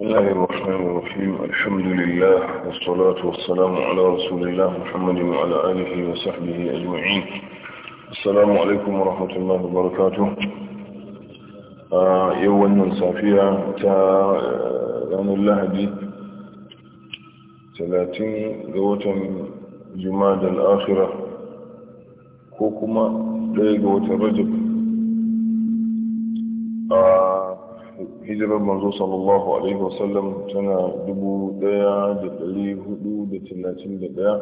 بسم الله الرحمن الرحيم الحمد لله والصلاة والسلام على رسول الله محمد وعلى آله وصحبه أجمعين السلام عليكم ورحمة الله وبركاته آه، يوم صافية تا آه، الله دي ثلاثين قوة جماد الآخرة كوكما لا قوة الرجب hijirar manzo sallallahu alaihi wasallam tana 1431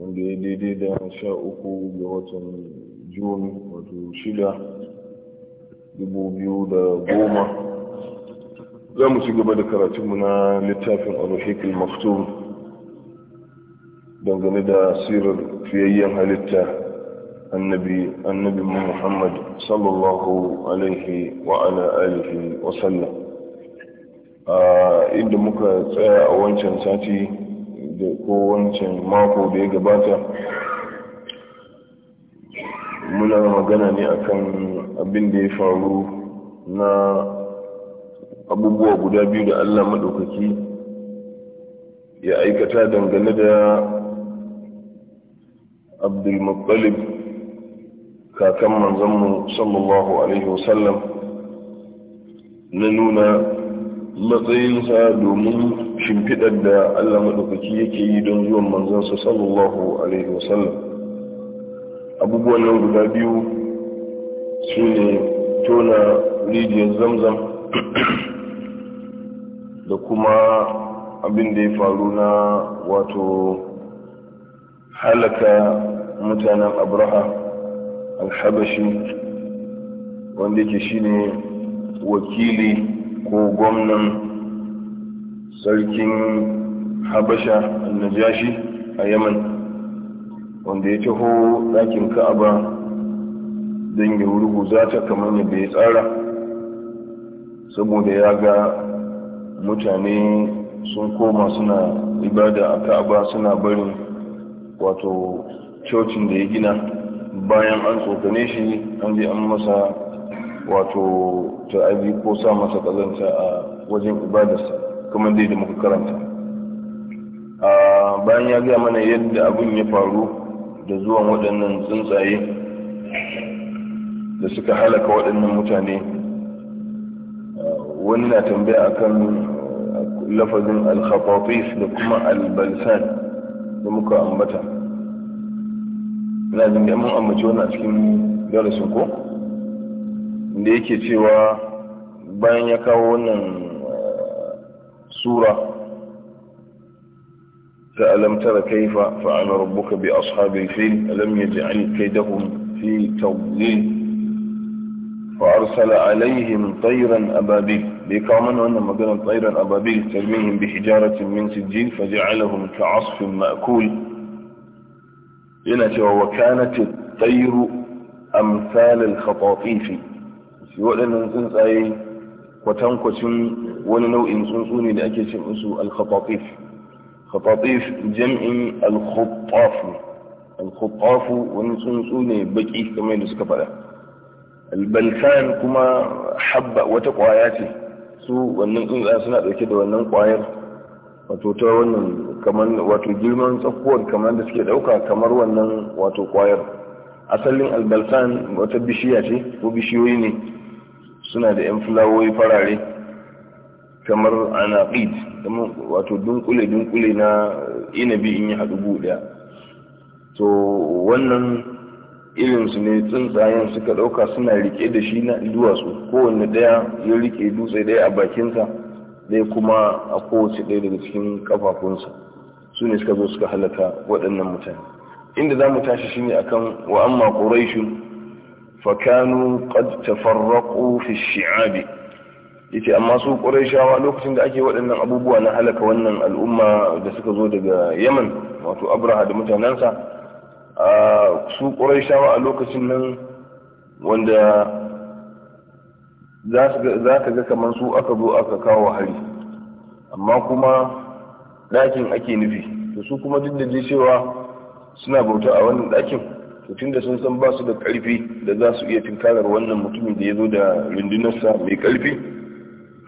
wanda ya daidai da sha uku ga watan jun wato shida dubu biyu da goma za mu ci gaba da karatunmu na littafin alhikul maktum dangane da sirar fiyayyen halitta النبي النبي محمد صلى الله عليه وعلى آله وسلم inda muka tsaya a wancan sati da ko wancan mako da ya gabata muna magana ne akan abin da ya faru na abubuwa guda biyu da allah maɗaukaki ya aikata dangane da abdulmuttalib kakan manzanmu sallallahu alaihi wasallam na nuna matsayinsa domin shimfiɗar da Allah maɗaukaki yake yi don zuwan manzansa sallallahu alaihi wasallam abubuwan nan guda biyu su ne tona rijiyar zamzam da kuma abin da ya faru na wato halaka mutanen abraha alhabashi wanda yake shine wakili ko gwamnan sarkin habasha annajashi a yaman wanda ya taho ɗakin ka'aba don ya za ta kamar yadda ya tsara saboda ya ga mutane sun koma suna ibada a ka'aba suna barin wato cocin da ya gina bayan an tsokane shi an je an masa wato ta'abi ko sa masa kazanta a wajen ibadarsa kamar dai da muka karanta bayan ya gaya mana yadda abin ya faru da zuwan waɗannan tsuntsaye da suka halaka waɗannan mutane wani na tambaya akan lafazin al da kuma al da muka ambata ina jin da mun ambaci wannan a cikin darasin ko da yake cewa bayan ya kawo wannan sura ta alamtara kaifa fa'ala rabbuka bi ashabil fil alam yaj'al kaydahum fi tawlil فأرسل عليهم طيرا أبابيل بكامن أن مدن طيرا أبابيل ترميهم بحجارة من سجيل فجعلهم كعصف مأكول yana cewa wa kanat at-tayru amsal al shi waɗannan tsuntsaye kwatankwacin wani nau'in tsuntsu ne da ake ce musu al-khatatif khatatif jam'in al-khuttaf al-khuttaf wani tsuntsu ne baki kamar da suka faɗa al-balsan kuma habba wata ƙwaya ce su wannan tsuntsa suna ɗauke da wannan ƙwayar wato ta wannan kamar wato girman tsakuwar kamar da suke dauka kamar wannan wato kwayar asalin albalsan wata bishiya ce ko bishiyoyi ne suna da yan fulawoyi farare kamar anaqid wato dunkule dunkule na inabi in yi haɗu buɗe to wannan irinsu ne tsuntsayen suka ɗauka suna rike da shi na duwatsu kowane ɗaya ya rike dutse daya a bakinsa ɗaya kuma a kowace ɗaya daga cikin kafafunsa su ne suka zo suka halaka waɗannan mutane inda za mu tashi shine akan wa amma quraishun fa kanu qad tafarraqu fi shi'abi yace amma su quraishawa lokacin da ake waɗannan abubuwa na halaka wannan al'umma da suka zo daga yaman wato abraha da mutanensa su shawa a lokacin nan wanda za ka ga kamar su aka zo aka kawo hari amma kuma ɗakin ake nufi to su kuma duk da je cewa suna bauta a wannan dakin to tunda sun san ba su da karfi da za su iya tunkarar wannan mutumin da ya zo da rundunarsa mai karfi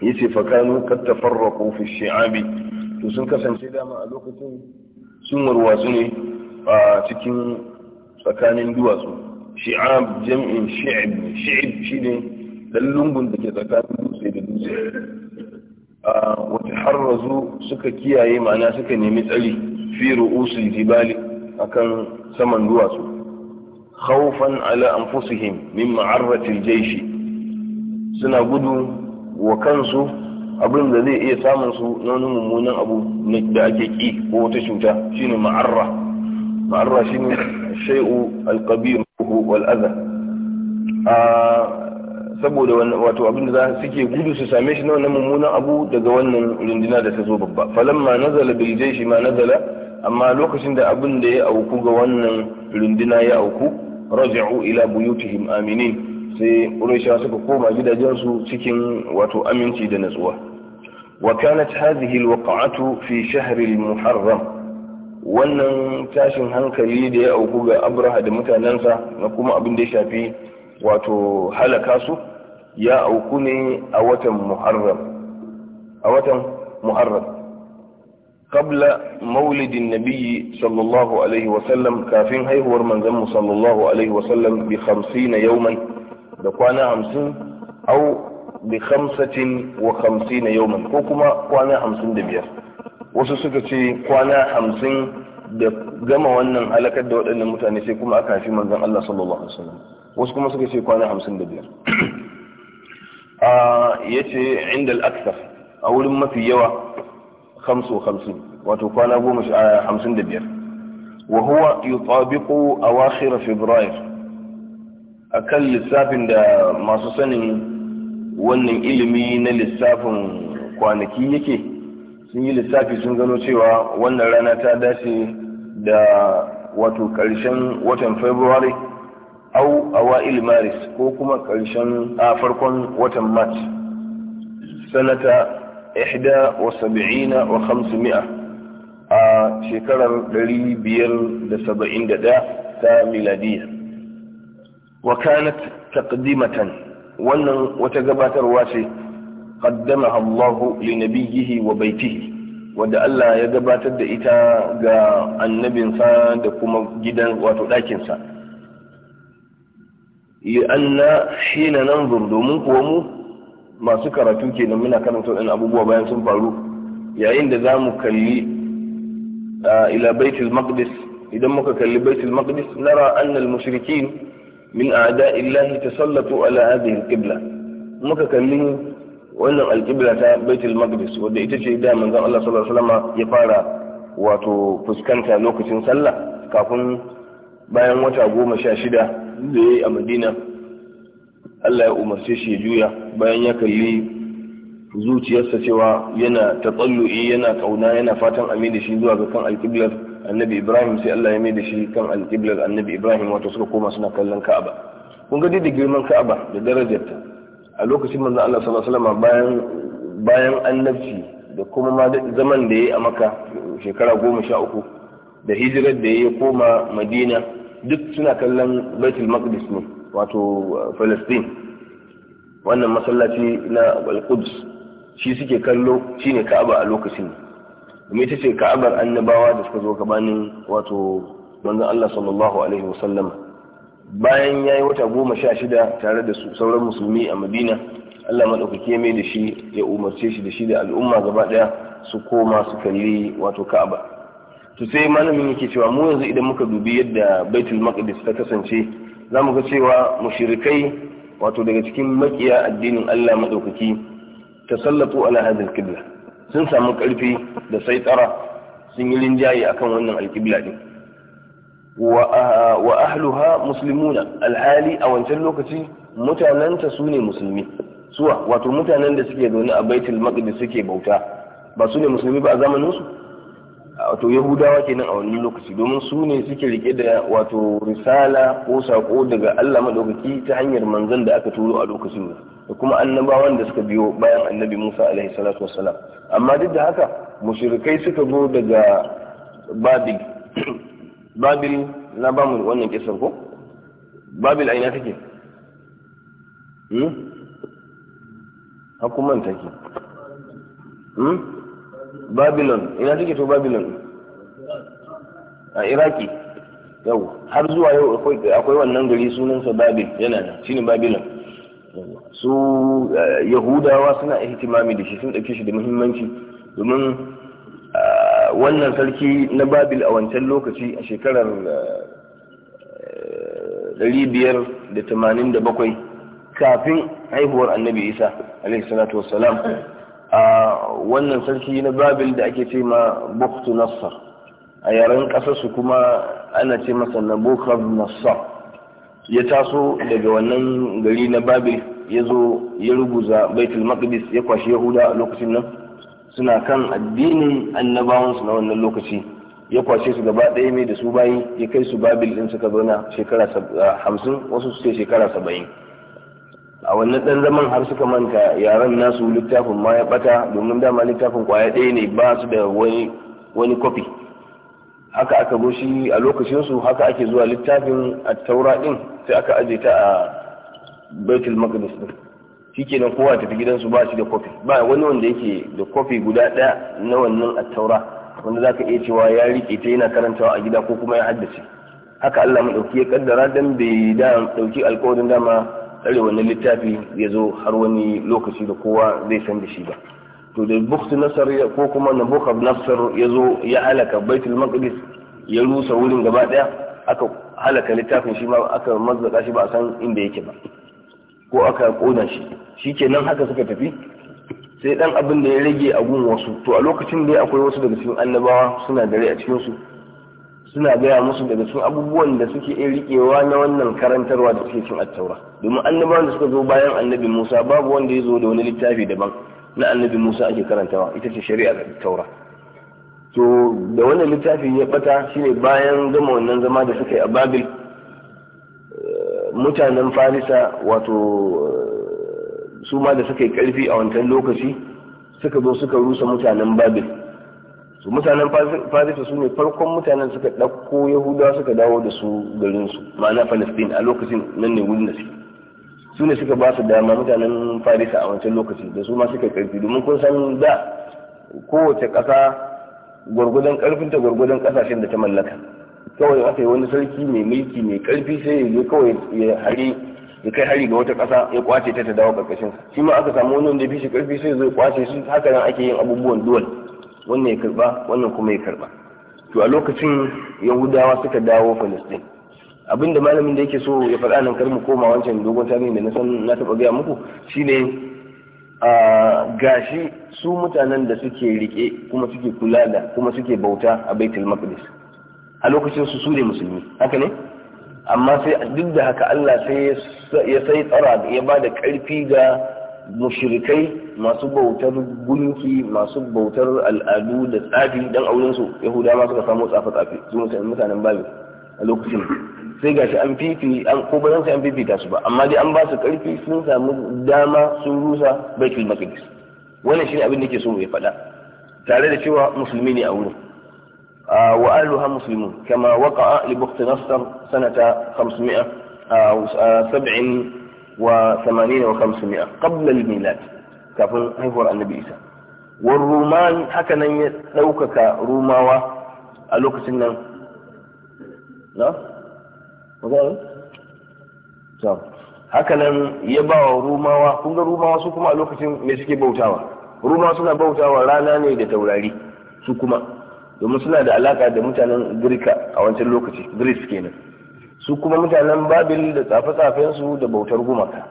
ya ce fakanu kattafarra fi shi'abi to sun kasance dama a lokacin sun warwatsu ne a cikin tsakanin duwatsu shi'ab jam'in shi'ib shi'ib ne. dan lungun da ke tsakanin dutse da dutse a wata harrazu suka kiyaye ma'ana suka nemi tsari fi ru'usul jibali akan saman duwatsu khawfan ala anfusihim min ma'arratil jaishi suna gudu wa kansu abin da zai iya samun su na wani mummunan abu da ake ki ko wata cuta shine ma'arra ma'arra shine shay'u alqabih wal adha saboda wato abin da suke gudu su same shi na wannan mummunan abu daga wannan runduna da ta zo babba ma nazala bil shi ma nazala amma lokacin da abin da ya auku ga wannan runduna ya auku raja'u ila buyutihim aminin sai quraisha suka koma gidajensu cikin wato aminci da natsuwa wa kanat hadhihi alwaqa'atu fi shahr almuharram wannan tashin hankali da ya auku ga abraha da mutanensa na kuma abin da ya shafi wato halaka su ya auku ne a watan muharram a watan muharram qabla maulidin nabiyyi sallallahu alaihi wa sallam kafin haihuwar manzon sallallahu alaihi wa sallam bi 50 yawman da kwana 50 au bi 55 yawman ko kuma kwana da biyar wasu suka ce kwana 50 da gama wannan halakar da waɗannan mutane sai kuma aka haifi manzon Allah sallallahu alaihi wa sallam. wasu kuma suka ce kwana hamsin da biyar ya ce inda al'aksar a wurin mafi yawa hamsu hamsin wato kwana goma hamsin da biyar wa huwa a awakhir febrair akan lissafin da masu sanin wannan ilimi na lissafin kwanaki yake sun yi lissafi sun gano cewa wannan rana ta dace da wato ƙarshen watan february au awa'il maris ko kuma ƙarshen a farkon watan mat sanata ihda wa wa a shekarar ɗari biyar da saba'in da ta miladiya wa kanat taqdimatan wannan wata gabatarwa ce qaddamaha Allah li nabiyhi wa baitihi wanda Allah ya gabatar da ita ga annabinsa da kuma gidan wato ɗakinsa لأن حين ننظر دومك ومو ما سكر توكي نمنا كانت أن أبو بوا بيان سنفارو يعين دذامك لي آه، إلى بيت المقدس إذا يدمك لبيت المقدس نرى أن المشركين من أعداء الله تسلطوا على هذه القبلة مك كلمه وأن القبلة بيت المقدس ودي تجي دائما الله صلى الله عليه وسلم يفارى وتفسكنت لوكة صلى كافن bayan wata goma sha shida da ya yi a madina allah ya umarce shi ya juya bayan ya kalli zuciyarsa cewa yana tatsallu'i yana kauna yana fatan a da shi zuwa ga kan alkiblar annabi ibrahim sai allah ya mai da shi kan alkiblar annabi ibrahim wata suka koma suna kallon ka'aba kun ga da girman ka'aba da darajarta a lokacin manzon allah sallallahu alaihi bayan bayan annabci da kuma ma zaman da ya yi a maka shekara goma sha uku da hijirar da ya koma madina duk suna kallon baitul maqdis ne wato uh, palestine wannan masallaci na al-quds shi suke kallo shine ka'aba a lokacin kuma ita ce ka'abar annabawa da suka zo gabanin wato manzon Allah sallallahu alaihi wasallam bayan yayi wata goma sha shida tare da sauran musulmi a Madina Allah madaukake mai da shi ya umarce shi da shi da al'umma gaba daya su koma su kalli wato ka'aba to sai malamin yake cewa mu yanzu idan muka dubi yadda baitul maqdis ta kasance za mu ga cewa mushrikai wato daga cikin makiya addinin Allah madaukaki tasallatu ala hadhihi qibla sun samu karfi da saitara sun yi rinjaye akan wannan alqibla din wa ahluha muslimuna alhali a wancan lokaci mutananta su ne musulmi suwa wato mutanen da suke zaune a baitul maqdis suke bauta ba su ne musulmi ba a zamanin su. wato yahudawa kenan a wannan lokaci domin su ne suke rike da wato risala ko sako daga Allah madaukaki ta hanyar manzon da aka turo a lokacin da kuma annabawan da suka biyo bayan annabi Musa alaihi salatu wassalam amma duk da haka mushrikai suka zo daga Babil Babil na ba mu wannan kisan ko Babil aina take hmm hakuman take hmm babylon ina suke to babylon a iraki yau har zuwa yau akwai wannan gari sunansa babil yana nan shine babylon su eh, yahudawa suna ihtimami da shi sun ɗauke shi da muhimmanci domin ah, wannan sarki na babil a wancan lokaci a shekarar 587 eh, kafin haihuwar annabi isa a.s.w. a wannan sarki na babil da ake ce ma buktu nassar a yaren ƙasarsu kuma ana ce masa na bukhar nassar ya taso daga wannan gari na babil ya zo ya ruguza baitul maqdis ya kwashi yahuda a lokacin nan suna kan addinin annabawansu na wannan lokaci ya kwashe su gaba ɗaya mai da su bayi ya kai su babil ɗin suka zauna shekara hamsin wasu su ce shekara saba'in a wannan ɗan zaman har suka manta yaren nasu littafin ma ya bata domin dama littafin kwaya ɗaya ne ba su da wani wani kofi haka aka zo shi a lokacin su haka ake zuwa littafin a taura ɗin sai aka aje ta a baitul maqdis din shikenan kowa tafi gidansu ba shi da kofi ba wani wanda yake da kofi guda ɗaya na wannan taura wanda zaka iya cewa ya rike ta yana karantawa a gida ko kuma ya haddace haka Allah mu ɗauki ya kaddara dan bai da ɗauki alƙawarin dama tsare wannan littafi ya zo har wani lokaci da kowa zai san da shi ba to da buktu nasar ko kuma na buka nasar ya zo ya halaka baitul maqdis ya rusa wurin gaba daya aka halaka littafin shi ma aka mazzaka shi ba a san inda yake ba ko aka kona shi shikenan haka suka tafi sai dan abin da ya rage a gun wasu to a lokacin da akwai wasu daga cikin annabawa suna dare a cikin su suna gaya musu daga cikin abubuwan da suke iya riƙewa na wannan karantarwa da suke cin attaura domin annabawan da suka zo bayan annabi musa babu wanda ya zo da wani littafi daban na annabi musa ake karantawa ita ce shari'a da taura to da wannan littafi ya bata shine bayan gama wannan zama da suka yi a babil mutanen farisa wato su ma da suka yi karfi a wancan lokaci suka zo suka rusa mutanen babil su mutanen farisa su ne farkon mutanen suka ɗauko yahudawa suka dawo da su garin su ma'ana palestine a lokacin nan ne wurin da su su ne suka ba su dama mutanen farisa a wancan lokaci da su ma suka karfi domin kun san da kowace ƙasa gwargwadon ƙarfin ta gwargwadon ƙasashen da ta mallaka kawai aka yi wani sarki mai mulki mai ƙarfi sai ya je kawai ya hari ya kai hari ga wata ƙasa ya kwace ta ta dawo ƙarƙashin shi ma aka samu wani wanda ya fi shi ƙarfi sai ya zo ya kwace su haka nan ake yin abubuwan duwal wannan ya karba wannan kuma ya karba to a lokacin yahudawa suka dawo falastin abinda malamin da yake so ya faɗa nan kar mu koma wancan dogon tarihi da na san na taɓa gaya muku shine a gashi su mutanen da suke rike kuma suke kula da kuma suke bauta a baitul maqdis a lokacin su su ne musulmi haka ne amma sai duk da haka Allah sai ya sai tsara ya ba da ƙarfi ga mushrikai masu bautar gunki masu bautar al'adu da tsafi dan auren su yahudawa suka samu tsafa tsafi su mutanen babu a lokacin sai gashi an fifi an ko ba sai an fifi ta su ba amma dai an ba su karfi sun samu dama sun rusa baitul maqdis wannan shine abin da yake so ya faɗa tare da cewa musulmi ne a wurin wa ahluha muslimun kama waqa'a li bukhti nasr sanata 500 و 87 قبل الميلاد kafin haihuwar annabi isa war ruman haka nan ya ɗaukaka rumawa a lokacin nan na? haka nan ya ba wa rumawa kun rumawa su kuma a lokacin mai suke bautawa rumawa suna bautawa rana ne da taurari su kuma domin suna da alaka da mutanen girka a wancan lokaci greece kenan su kuma mutanen babil da tsafe-tsafensu da bautar gumaka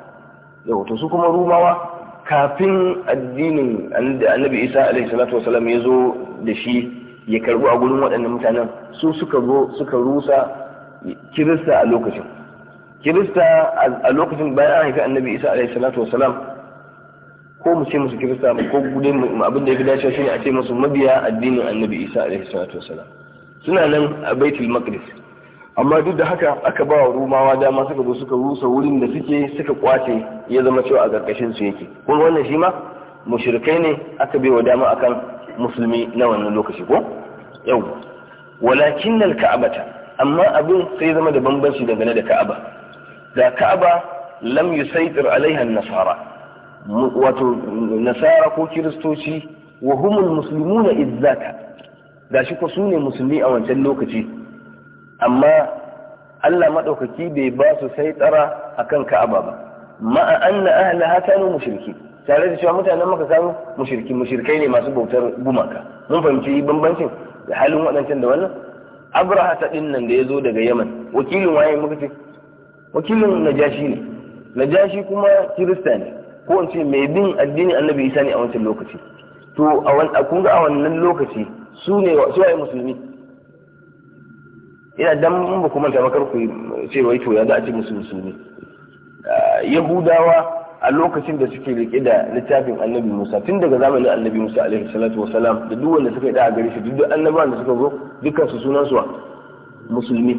yau to su kuma rumawa kafin addinin annabi isa alaihi salatu wasalam ya zo da shi ya karbu a gurin waɗannan mutanen su suka zo suka rusa kirista a lokacin kirista a lokacin bayan an haifi annabi isa alaihi salatu wasalam ko mu ce musu kirista ko gudun abin da ya fi dacewa shine a ce musu mabiya addinin annabi isa alaihi salatu wasalam suna nan a baitul maqdis amma duk da haka aka ba wa rumawa dama suka zo suka rusa wurin da suke suka kwace ya zama cewa a ƙarƙashin su yake ko wannan shi ma mushrikai ne aka bai wa dama akan musulmi na wannan lokaci ko yau walakin al ka'abata amma abin sai zama da bambanci dangane da ka'aba da ka'aba lam yusaitir alaiha nasara wato nasara ko kiristoci wa humul muslimuna izzaka gashi ko su ne musulmi a wancan lokaci amma Allah maɗaukaki bai ba su sai tsara akan Ka'aba ba ma'a anna ahliha kanu mushriki tare da cewa mutanen maka samu. mushriki mushrikai ne masu bautar gumaka mun fahimci bambancin da halin waɗancan da wannan abraha ta din nan da ya zo daga yaman wakilin waye muka ce wakilin najashi ne najashi kuma kirista ne ko in ce mai bin addinin annabi isa ne a wancan lokaci to a kun ga a wannan lokaci su ne su waye musulmi ina dan in ba kuma manta ku ce wai to ya za a ce musu musulmi ah, yahudawa a lokacin da suke rike da littafin annabi musa tun daga zamanin annabi musa alaihi salatu wasalam da duk wanda suka yi da a gare shi duk annabawan da suka zo dukkan su sunan su musulmi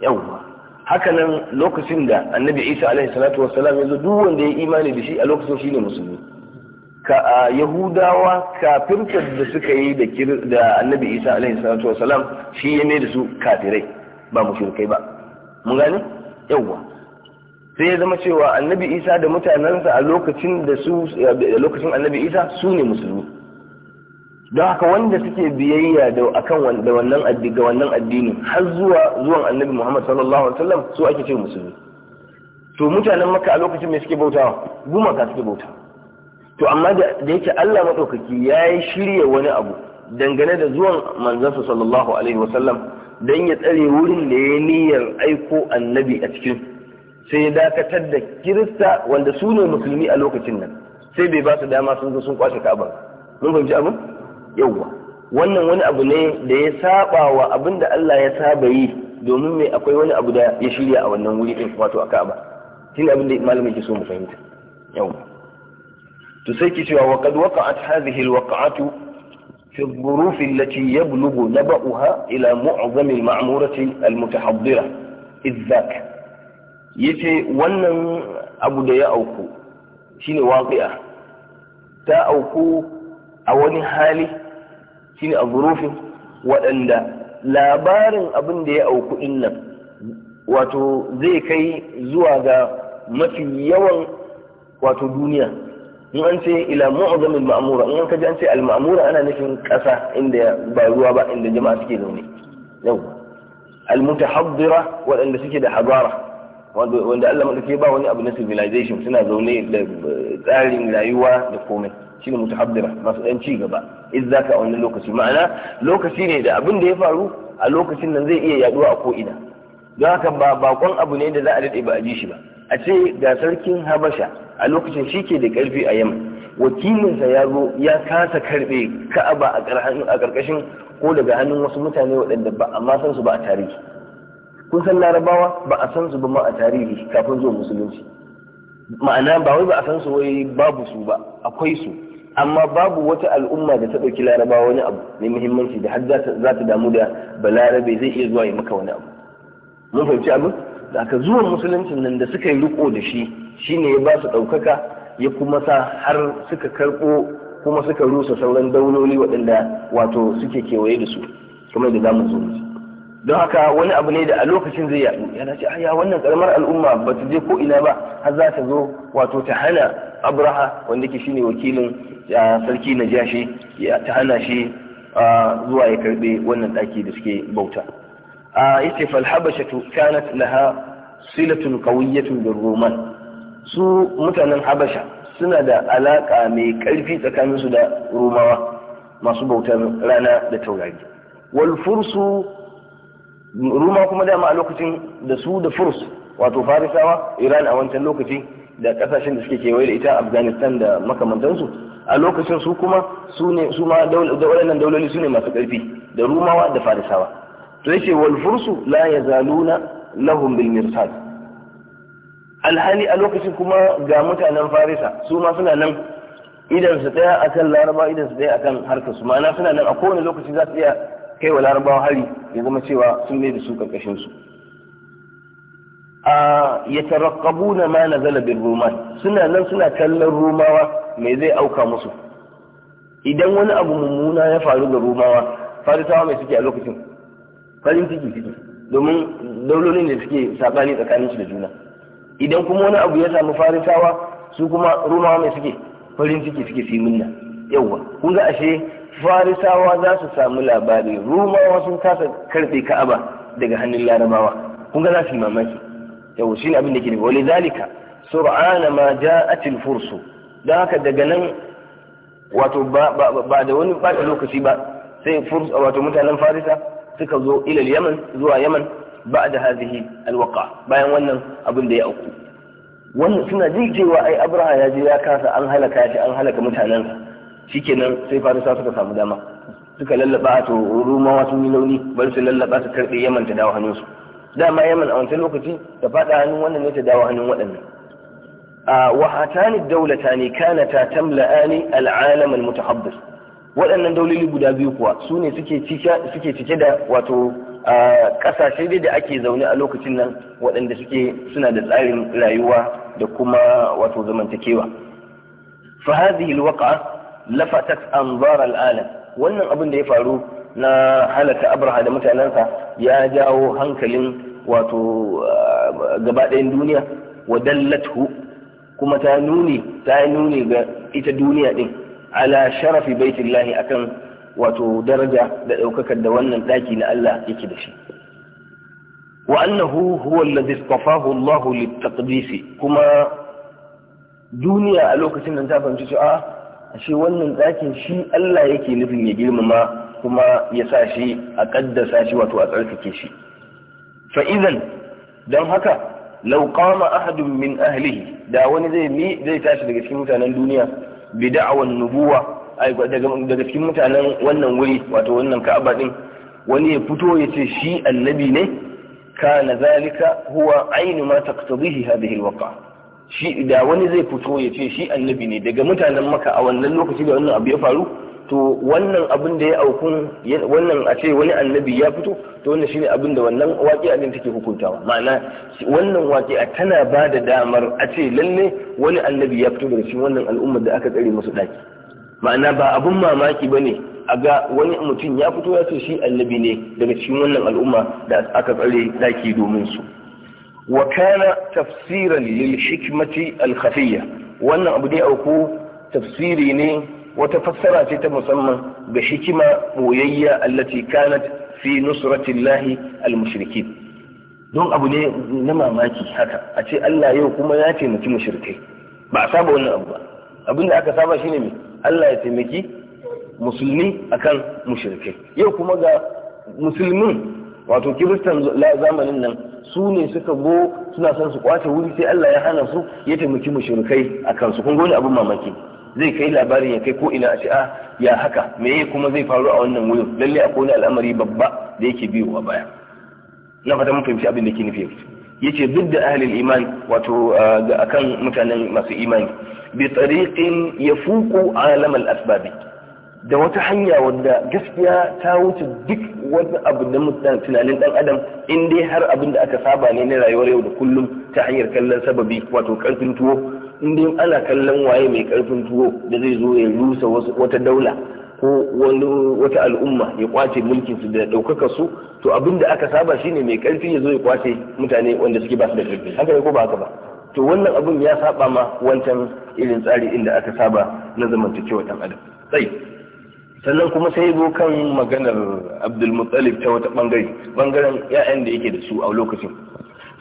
yawwa hakanan lokacin da annabi isa alaihi salatu wasalam ya zo duk wanda ya imani da shi a lokacin shi ne musulmi yahudawa kafirtar da suka yi da annabi isa alaihi salatu wasalam shi ya mai da su kafirai ba mushrikai ba mun gane yawwa sai ya zama cewa annabi isa da mutanensa a lokacin da su lokacin annabi isa su ne musulmi don haka wanda suke biyayya da akan da wannan addini ga wannan addini har zuwa zuwan annabi muhammad sallallahu alaihi wasallam su ake ce musulmi to mutanen makka a lokacin me suke bautawa gumaka suke bautawa to amma da yake Allah maɗaukaki ya yi shirya wani abu dangane da zuwan manzansa sallallahu alaihi wasallam don ya tsare wurin da ya niyyar aiko annabi a cikin sai ya dakatar da kirista wanda su ne musulmi a lokacin nan sai bai ba su dama sun zo sun kwashe ka'aba mun fahimci abin yawwa wannan wani abu ne da ya saba wa abin da Allah ya saba yi domin me akwai wani abu da ya shirya a wannan wuri din wato a ka'aba shine abin da malamin ke so mu fahimta yawwa to sai ki cewa wa qad waqa'at hadhihi alwaqa'atu fi adh-dhuruf allati yablughu naba'uha ila mu'zami al-ma'murati al-mutahaddira idzak yace wannan abu da ya auku shine waqi'a ta auku a wani hali shine a zurufin waɗanda labarin abin da ya auku din nan wato zai kai zuwa ga mafi yawan wato duniya in an ce ila mu'azzamin ma'amura in an kaji an ce al-ma'amura ana nufin ƙasa inda ba ruwa ba inda jama'a suke zaune yau al-mutahaddira waɗanda suke da hadara wanda Allah madauke ba wani abu na civilization suna zaune da tsarin rayuwa da komai shine mutahaddira masu ɗan ci gaba idza ka wani lokaci ma'ana lokaci ne da abin da ya faru a lokacin nan zai iya yaduwa a ko'ina don haka ba bakon abu ne da za a daɗe ba a ji shi ba a ce ga sarkin habasha a lokacin shi ke da karfi a yamma. wakilinsa ya zo ya kasa karbe ka'aba a ƙarƙashin ko daga hannun wasu mutane waɗanda ba a su ba a tarihi kun san larabawa ba a san su ba ma a tarihi kafin zuwa musulunci ma'ana ba wai ba a san su wai babu su ba akwai su amma babu wata al'umma da ta ɗauki larabawa wani abu mai muhimmanci da har za ta damu da balarabe zai iya zuwa ya maka wani abu mun fahimci abin aka zuwan musuluncin nan da suka yi riko da shi shine ya ba su ɗaukaka ya kuma sa har suka karɓo kuma suka rusa sauran dauloli waɗanda wato suke kewaye da su kuma da zamu zo don haka wani abu ne da a lokacin zai yaɗu yana ce ya wannan karamar al'umma ba ta je ko ina ba har za ta zo wato ta hana abraha wanda ke shine wakilin sarki na jashi ta hana shi zuwa ya karɓe wannan ɗaki da suke bauta a yace fal habashatu kanat laha silatun qawiyyatun da ruman su mutanen habasha suna da alaka mai karfi tsakaninsu da rumawa masu bautar rana da taurari wal fursu ruma kuma dama a lokacin da su da furs wato farisawa iran a wancan lokaci da ƙasashen da suke kewaye da ita afghanistan da makamantansu a lokacin su kuma su ne su ma waɗannan dauloli su ne masu ƙarfi da rumawa da farisawa to yake wal fursu la yazaluna lahum bil mirsad alhali a lokacin kuma ga mutanen farisa su ma suna nan idan su tsaya a kan laraba idan su tsaya akan harkar su ma'ana suna nan a kowane lokaci za su iya kai wa larabawa hari ya zama cewa sun mai da su karkashin su a na ma nazala bil ruman suna nan suna kallon romawa me zai auka musu idan wani abu mummuna ya faru ga romawa, farisawa mai suke a lokacin farin ciki suke domin daulolin da suke sabani tsakanin su da juna idan kuma wani abu ya samu farisawa su kuma rumawa mai suke farin ciki suke su yi minna yawwa kun ga ashe farisawa za su samu labari rumawa sun kasa karfe ka'aba daga hannun larabawa kun ga za su yi mamaki yawwa shi ne abin da ke daga wale zalika sur'ana ma ja'atil fursu don haka daga nan wato ba da wani ɓata lokaci ba sai wato mutanen farisa suka zo ilal yaman zuwa yaman ba da hazihi alwaka bayan wannan abin da ya auku wannan suna jin cewa ai abraha ya je ya kasa an halaka shi an halaka mutanensa shikenan sai farisa suka samu dama suka lallaba to rumawa wasu yi bari su lallaba su karbe yaman ta dawo hannunsu dama yaman a wancan lokaci ta faɗa hannun wannan ne ta dawo hannun waɗannan daulatani kana ta tamla'ani العالم المتحضر waɗannan dauloli guda biyu kuwa su ne suke cike da wato ƙasashe dai da ake zaune a lokacin nan waɗanda suke suna da tsarin rayuwa da kuma wato zamantakewa fa hadhihi alwaqa lafatat anzar alalam wannan abin da ya faru na halaka abraha da mutanensa ya jawo hankalin wato gabaɗayan duniya wa dallatu kuma ta nuni ta nuni ga ita duniya ɗin. ala sharafi baitullahi akan wato daraja da ɗaukakar da wannan ɗaki na Allah yake da shi wa annahu huwa alladhi istafahu Allah litaqdis kuma duniya a lokacin nan ta fahimci cewa ah, ashe wannan ɗakin shi Allah yake nufin ya girmama kuma ya sa shi a kaddasa shi wato a tsarkake shi fa idan dan haka law qama ahadun min ahlihi da wani zai zai tashi daga cikin mutanen duniya bi da'awan nubuwa daga cikin mutanen wannan wuri wato wannan ka'aba din wani ya fito ya ce shi annabi ne kana zalika huwa ainu ma taqtadihi hadhihi alwaqa shi da wani zai fito ya ce shi annabi ne daga mutanen maka a wannan lokaci da wannan abu ya faru to wannan abin da ya aukun wannan a ce wani annabi ya fito to wannan shine abin da wannan waƙi'a din take hukuntawa ma'ana wannan waƙi'a tana ba da damar a ce lalle wani annabi ya fito daga cikin wannan al'ummar da aka tsare musu ɗaki ma'ana ba abin mamaki bane a ga wani mutum ya fito ya ce shi annabi ne daga cikin wannan al'umma da aka tsare ɗaki domin su wa kana tafsiran lil hikmati al khafiyya wannan abu ne auku tafsiri ne wata fassara ce ta musamman ga hikima boyayya allati kanat fi nusratillahi al-mushrikin don abu ne na mamaki haka a ce Allah yau kuma ya taimaki mushrikai ba a saba wannan abu ba abinda aka saba shine me Allah ya taimaki musulmi akan mushrikai yau kuma ga musulmin wato kiristan zamanin nan su ne suka go suna son su kwace wuri sai Allah ya hana su ya taimaki mushrikai akan su kun gode abin mamaki zai kai labarin ya kai ko ina a ce a ah, ya haka me kuma zai faru a wannan wurin lalle akwai wani al'amari babba da yake biyo a baya na fata mun fahimci abin da ke nufi yace duk da ahlul iman wato ga akan mutanen masu imani bi tariqin yafuqu alam al asbab da wata hanya wadda gaskiya ta wuce duk wani abu da mutane tunanin dan adam in dai har abin da aka saba ne na rayuwar yau da kullum ta hanyar kallon sababi wato karfin tuwo in dai ana kallon waye mai karfin tuwo da zai zo ya rusa wata daula ko wani wata al'umma ya kwace mulkin su da ɗaukaka su to abin da aka saba shine mai karfi ya zo ya kwace mutane wanda suke ba su da karfi haka ne ko ba haka ba to wannan abin ya saba ma wancan irin tsari inda aka saba na zamantakewa dan adam sai sannan kuma sai zo kan maganar Abdul muttalib ta wata bangare bangaren 'ya'yan da yake da su a lokacin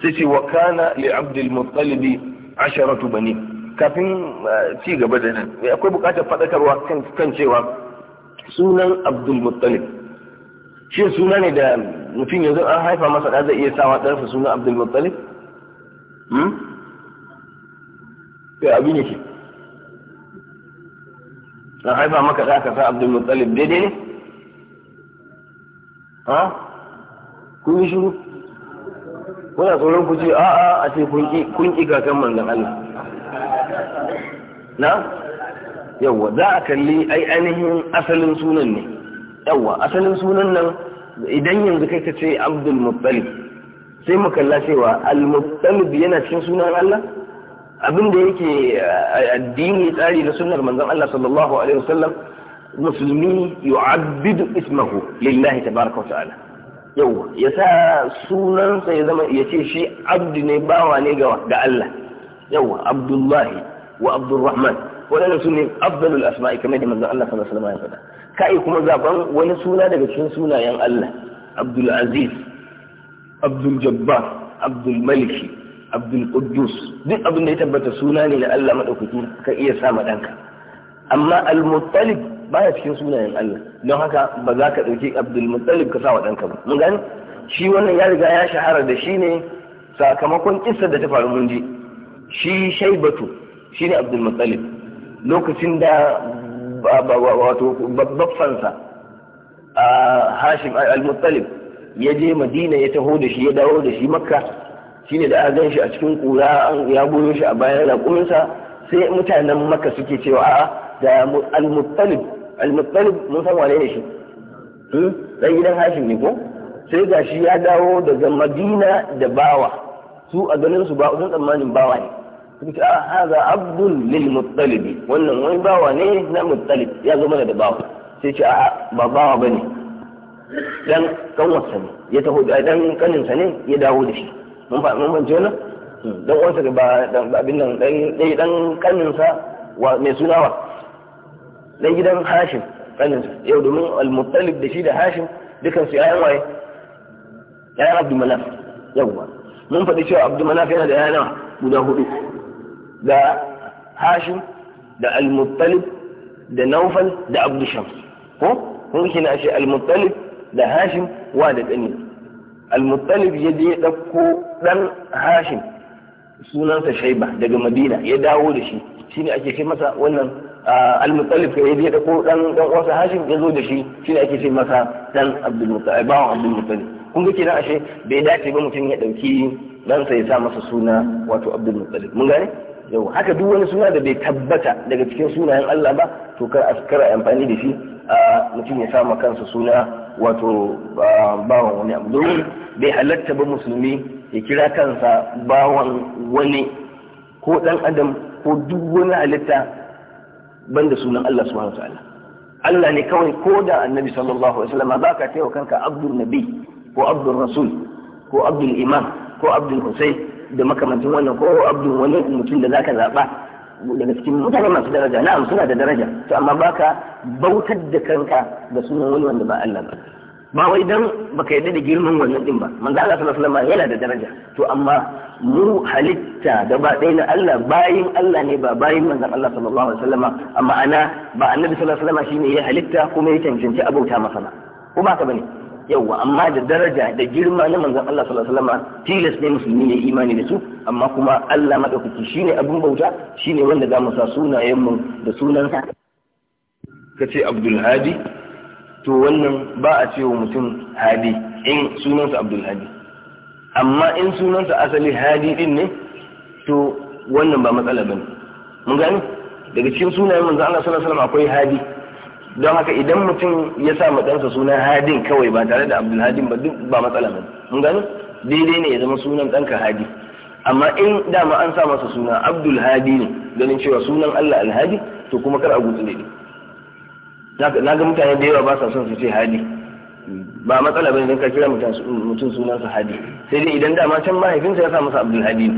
sai ce wa kana li muttalib asharatu bani kafin eh, ci gaba da nan akwai bukatar fadakarwa kan cewa sunan abdul muttalib shi suna ne da mutum yanzu an haifa masa da zai iya sawa ɗansa sunan abdul muttalib hmm? ya abi ne shi an haifa maka da aka sa abdul muttalib daidai ne ha kun yi shiru kuna tsoron ku ce a'a a ce kun ƙi kakan manzon Allah na yawwa za a kalli ai ainihin asalin sunan ne yawwa asalin sunan nan idan yanzu kai ka ce abdul muttalib sai mu kalla cewa al muttalib yana cikin sunan Allah abin da yake addini tsari da sunnar manzon Allah sallallahu alaihi wasallam musulmi yu'abbidu ismahu lillahi tabaraka wa ta'ala yau ya sa sunansa ya zama ya ce shi abdu ne bawa ne ga Allah yau abdullahi wa abdurrahman waɗanda su ne afdalul asma'i kamar da manzon Allah sallallahu alaihi wasallam ya faɗa kai kuma zaban wani suna daga cikin sunayen Allah abdul aziz abdul jabbar abdul maliki abdul quddus duk abin da ya tabbata suna ne da Allah madaukaki ka iya sa ma danka amma al-muttalib baya cikin sunayen Allah don haka ba za ka ɗauki Abdul ka sa wa ɗanka ba mun gani shi wannan ya riga ya shahara da shi ne sakamakon kissa da ta faru mun ji shi Shaibatu shi Abdul Muttalib lokacin da wato babbansa Hashim al-Muttalib ya je Madina ya taho da shi ya dawo da shi Makka ne da aka gan shi a cikin kura ya goyo shi a bayan raƙuminsa sai mutanen Makka suke cewa a da al-Muttalib al-muttalib mun san wane ne shi hmm? dan gidan hashim ne ko sai ga shi ya dawo daga madina da bawa su a ganin su ba sun tsammanin bawa ne sai ce a ah, haza abdul lil muttalibi wannan wani bawa ne na muttalib ya zo mana da bawa sai ce a ba bawa bane dan kanwarsa ne ya taho da dan kaninsa ne ya dawo da shi mun fa mun bance wannan hmm. dan uwansa ba abin nan dan dan kaninsa wa mai sunawa dan gidan hashim kaninsa yau domin al-muttalib da shi da hashim dukan su yayan waye yayan abdul manaf ba mun faɗi cewa abdul manaf yana da yana guda hudu da hashim da al-muttalib da naufal da abdul shams ko kun kina shi al-muttalib da hashim wa da dani al-muttalib ya je dauko dan hashim sunansa shaiba daga madina ya dawo da shi shine ake ce masa wannan al-muttalib ya je da ko dan dan uwansa hashim ya zo da shi shi ne ake ce masa dan abdul bawan abdul muttalib kun ga kenan ashe bai dace ba mutum ya dauki dan sai ya sa masa suna wato abdul muttalib mun gane yau haka duk wani suna da bai tabbata daga cikin sunayen Allah ba to kar askar a amfani da shi a mutum ya sama kansa suna wato bawan wani abu bai halatta ba musulmi ya kira kansa bawan wani ko dan adam ko duk wani halitta banda sunan Allah subhanahu wa ta'ala Allah ne kawai ko da annabi sallallahu alaihi wasallam ba ka taiwa kanka abdul nabi ko abdul rasul ko abdul imam ko abdul husayn da makamantin wannan ko abdul wani mutum da zaka zaba daga cikin mutane masu daraja na'am suna da daraja to amma baka bautar da kanka da sunan wani wanda ba Allah ba ba wai dan baka yarda da girman wannan din ba manzo Allah sallallahu alaihi yana da daraja to amma mu halitta gaba ɗaya na Allah bayin Allah ne ba bayin manzo Allah sallallahu alaihi wasallam amma ana ba annabi sallallahu alaihi wasallam shine ya halitta kuma ya cancanci abauta masa ba ko ba ka bane yawa amma da daraja da girma na manzo Allah sallallahu alaihi wasallam tilas ne musulmi ne imani da su amma kuma Allah madaukaki shine abun bauta shine wanda zamu sa sunayen mu da sunansa kace Abdul Hadi to wannan ba a cewa mutum hadi in sunansa abdul hadi amma in sunansa asali hadi din ne to wannan ba matsala bane mun gani daga cikin sunayen manzo Allah sallallahu alaihi akwai hadi don haka idan mutum ya sa ma ɗansa sunan hadin kawai ba tare da abdul hadin ba duk ba matsala ba mun gani daidai ne ya zama sunan danka hadi amma in dama an sa masa suna abdul hadi ne ganin cewa sunan Allah alhadi to kuma kar a gutsu ne na ga mutane da yawa ba sa son su ce hadi ba matsala bane don ka kira mutum sunan su hadi sai dai idan dama can mahaifinsa ya sa masa abdul hadi ne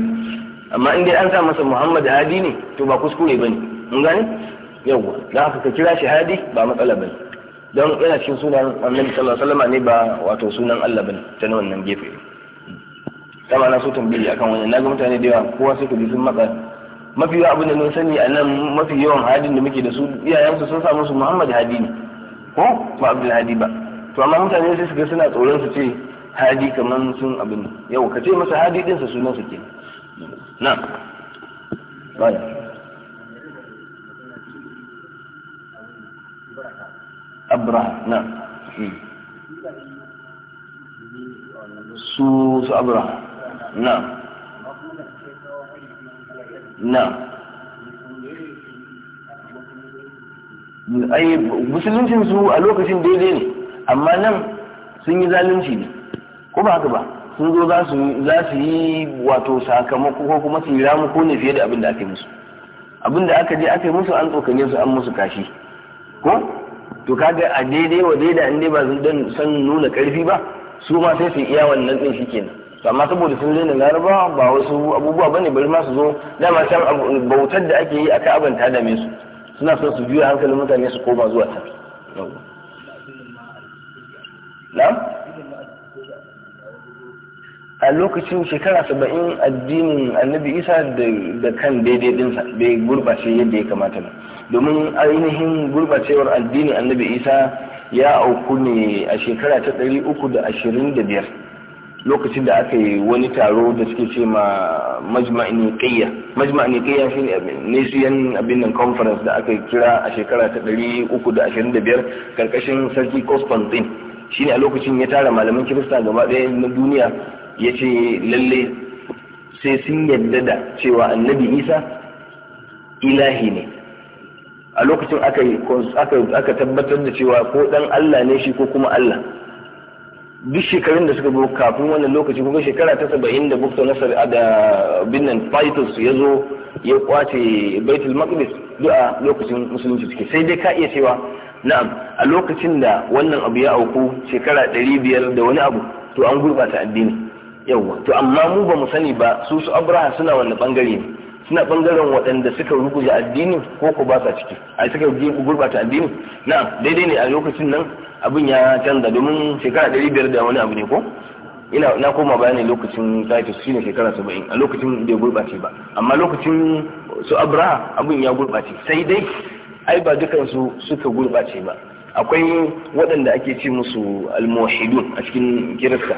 amma in dai an sa masa muhammad hadi ne to ba kuskure bane mun gane yawwa da haka ka kira shi hadi ba matsala bane don yana cikin sunan annabi sallallahu alaihi wasallam ne ba wato sunan Allah bane ta wannan gefe dama na so tambayi akan wannan ga mutane da yawa kowa sai ku ji sun matsa mafi yawa abin da mun sani a nan mafi yawan hadin da muke da su iyayensu sun samu su muhammad hadi ne ko ba abdul hadi ba to amma mutane sai su ga suna tsoron su ce hadi kaman sun abin yau ka ce masa hadi din sa sunan su ke na bai abra na hmm. su su abra na na ai musuluncin su a lokacin daidai ne amma nan sun yi zalunci ne ko ba haka ba sun zo za su yi wato sakamako ko kuma su yi ramuko ne fiye da abin da aka yi musu abin da aka je aka yi musu an tsokane su an musu kashi ko to kaga a daidai wa daidai in dai ba zan san nuna karfi ba su ma sai su iya wannan din shikenan amma saboda sun daina laraba ba wasu abubuwa ba ne bari masu zo dama can bautar da ake yi a ka'aban ta dame su suna son su juya hankalin mutane su koma zuwa can a lokacin shekara saba'in addinin annabi isa da kan daidai dinsa bai gurbace yadda ya kamata ba domin ainihin gurbacewar addinin annabi isa ya auku ne a shekara ta ɗari uku da ashirin da biyar lokacin da aka yi wani taro da suke ce ma majma'in kayya majma'in kayya shi ne siyan abin nan conference da aka kira a shekara ta 325 karkashin sarki Constantine shine a lokacin ya tara malaman kirista gaba ɗaya na duniya ya ce lalle sai sun yadda da cewa annabi isa ilahi ne a lokacin aka tabbatar da cewa ko ɗan allah ne shi ko kuma allah duk shekarun da suka zo kafin wannan lokaci kuma shekara ta saba'in da bukta na nasar da binnan titus ya zo ya kwace baitul maqdis duk a lokacin musulunci suke sai dai ka iya cewa na'am a lokacin da wannan abu ya auku shekara ɗari biyar da wani abu to an gurɓata addini yawwa to amma mu ba mu sani ba su su abraha suna wani bangare ne suna bangaren waɗanda suka ruguje addini ko ku ba sa ciki a suka gurbata addini na daidai ne a lokacin nan abin ya canza domin shekara ɗari biyar da wani abu ne ko ina na koma bayanin lokacin su shine shekara saba'in a lokacin bai gurbace ba amma lokacin su Abraha abin ya gurbace sai dai ai ba dukansu suka gurbace ba akwai waɗanda ake ce musu almuwahidun a cikin kirista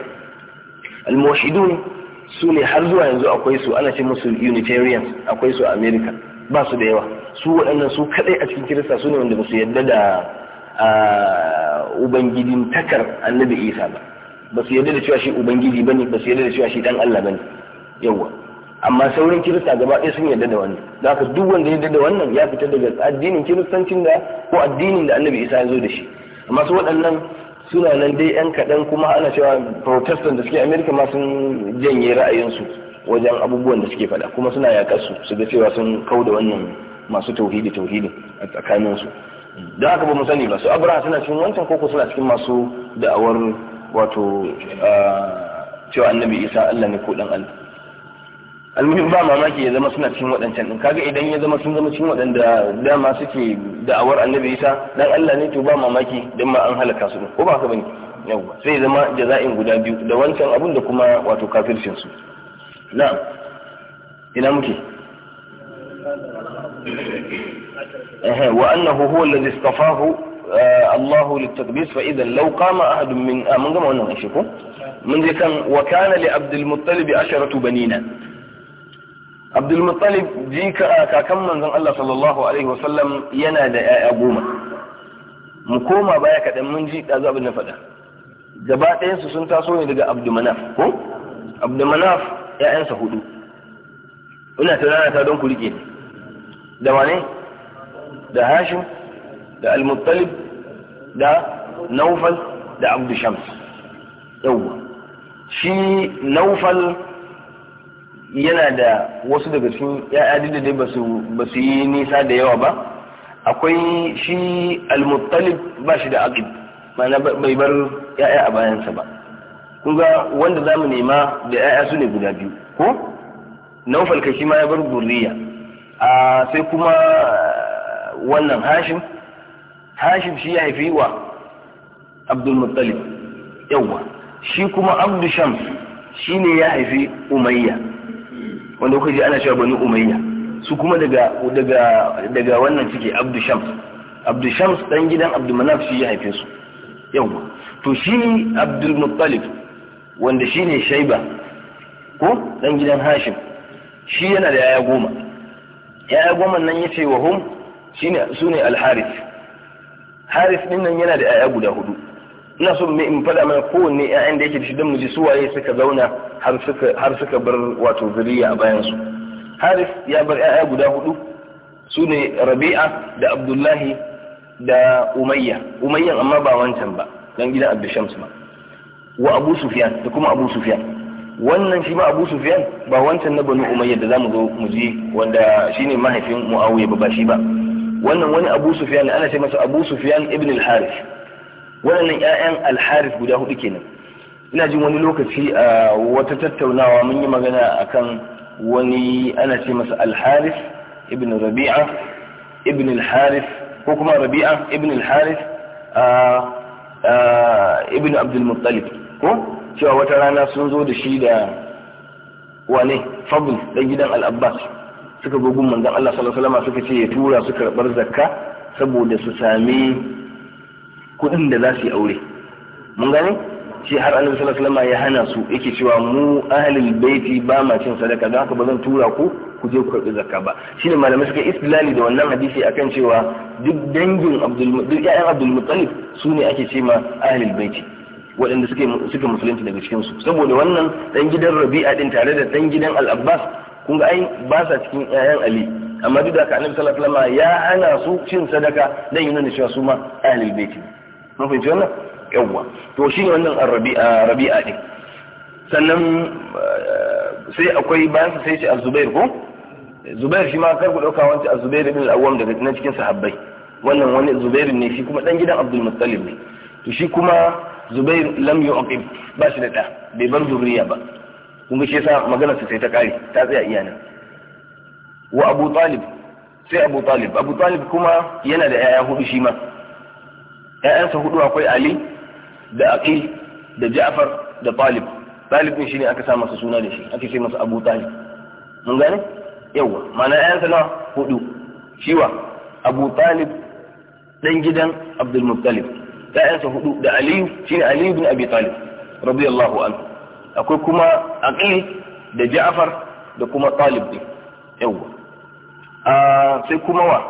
almuwahidun su ne har zuwa yanzu akwai su ana ce musu unitarians akwai su a america ba su da yawa su waɗannan su kaɗai a cikin kirista su ne wanda ba su yadda da ubangidin takar annabi isa ba ba su yadda da cewa shi ubangiji ba ne ba su yadda da cewa shi dan allah ba ne yawa amma sauran kirista gaba ɗaya sun yarda da wannan da aka duk wanda ya yarda da wannan ya fita daga addinin kiristancin da ko addinin da annabi isa ya zo da shi amma su waɗannan suna nan dai yan kaɗan kuma ana cewa protestant da suke amerika ma sun janye ra'ayinsu wajen abubuwan da suke faɗa kuma suna yaƙarsu su su ga cewa sun kau da wannan masu tauhidi tauhidi a tsakaninsu don haka ba mu sani ba su abraha suna cikin wancan koko suna cikin masu da'awar wato ah, cewa annabi isa allah ne ko dan allah almuhim ba mamaki ya zama suna cikin waɗancan ɗin kaga idan ya zama sun zama cikin waɗanda dama suke da'awar annabi isa dan allah ne to ba mamaki dan ma an halaka su ko ba haka bane yawwa sai zama jaza'in guda biyu da wancan abun da kuma wato kafircin su na'am ina muke wa annahu huwa alladhi istafahu eh, Allahu littakbis fa idan law qama ahadun min ah, mun gama wannan shi ko mun je kan wa kana li abdul muttalib asharatu banina abdulmuttalib jika kakan manzon Allah sallallahu alaihi wasallam yana da ‘ya'ya goma mu koma baya kaɗan mun ji ɗazu abin na faɗa gaba ɗayansu sun taso ne daga abdumanaf ko abdumanaf ‘ya'yansa hudu ina ta don ku riƙe da wane da hashim da almuttalib da naufal da abdu shams yawwa shi naufal yana da wasu daga cikin ya'ya da dai ba su yi nisa da yawa ba akwai shi al-muttalib ba shi da aqid mana bai bar ya'ya a bayansa ba kun ga wanda zamu nema da ya'ya su ne guda biyu ko nawfal kashi ma ya bar zurriya a sai kuma wannan hashim hashim shi ya haifi wa abdul muttalib yawa shi kuma abdu shams shine ya haifi umayya wanda kuka ji ana cewa banu umayya su kuma daga daga daga wannan suke abdu shams abdu shams dan gidan abdu manaf shi ya haife su yawa to shi abdul muttalib wanda shi ne shaiba ko dan gidan hashim shi yana da yaya goma yaya goma nan yace wa hum shine sune al harith harith din nan yana da yaya guda hudu ina so in faɗa mana kowanne ƴaƴan da yake da shi don mu su waye suka zauna har suka bar wato zuriya a bayan su Haris ya bar ƴaƴa guda hudu su ne Rabi'a da Abdullahi da Umayya Umayyan amma ba wancan ba dan gidan Abdushams ba wa Abu Sufyan da kuma Abu Sufyan wannan shi ma Abu Sufyan ba wancan na Banu Umayya da zamu zo mu ji wanda shine mahaifin Muawiya ba ba shi ba wannan wani Abu Sufyan ana ce masa Abu Sufyan ibn al-Harith waɗannan 'ya'yan alharif guda hudu kenan ina jin wani lokaci a wata tattaunawa mun yi magana akan wani ana ce masa alharif ibn rabi'a ibn alharif ko kuma rabi'a ibn alharif ibn muttalib ko cewa wata rana sun zo da shi da wane fabul dan gidan abbas suka gogun manzon Allah sallallahu alaihi wasallam suka ce ya tura su karbar zakka saboda su sami kuɗin da za su yi aure mun gane shi har annabi sallallahu alaihi ya hana su yake cewa mu ahlul baiti ba ma cin sadaka don haka ba zan tura ku ku je ku karɓi zakka ba shine malamai suka istilali da wannan hadisi akan cewa duk dangin abdul duk ƴaƴan abdul muttalib su ne ake ce ma ahlul baiti waɗanda suke suke musulunci daga cikin su saboda wannan dan gidan rabi'a din tare da dan gidan al-abbas kun ga ai ba sa cikin ƴaƴan ali amma duk da ka annabi sallallahu alaihi ya hana su cin sadaka dan yi nuna cewa su ma ahlul baiti mun fahimci wannan yawwa to shi ne wannan rabi'a rabi'a sannan eh, sai akwai bayan sai ce az-zubair ko zubair shi ma kar ku dauka wanci az-zubair ibn daga na cikin sahabbai wannan wani zubair ne shi kuma dan gidan abdul muttalib ne to shi kuma zubair lam yu'qib ba shi da ɗa bai bar zuriya ba kun ga shi yasa magana su sai ta kare ta tsaya iyana wa abu talib sai abu talib abu talib kuma yana da yaya hudu shi ma ƴaƴansa hudu akwai ali da aqil da ja'far da talib talib ne shine aka sa masa suna da shi ake ce masa abu talib mun gane yawa mana ƴaƴansa na hudu shiwa abu talib dan gidan abdul muttalib ƴaƴansa hudu da shi shine ali bin abi talib radiyallahu anhu akwai kuma aqil da ja'far da kuma talib din yawa ah, sai kuma wa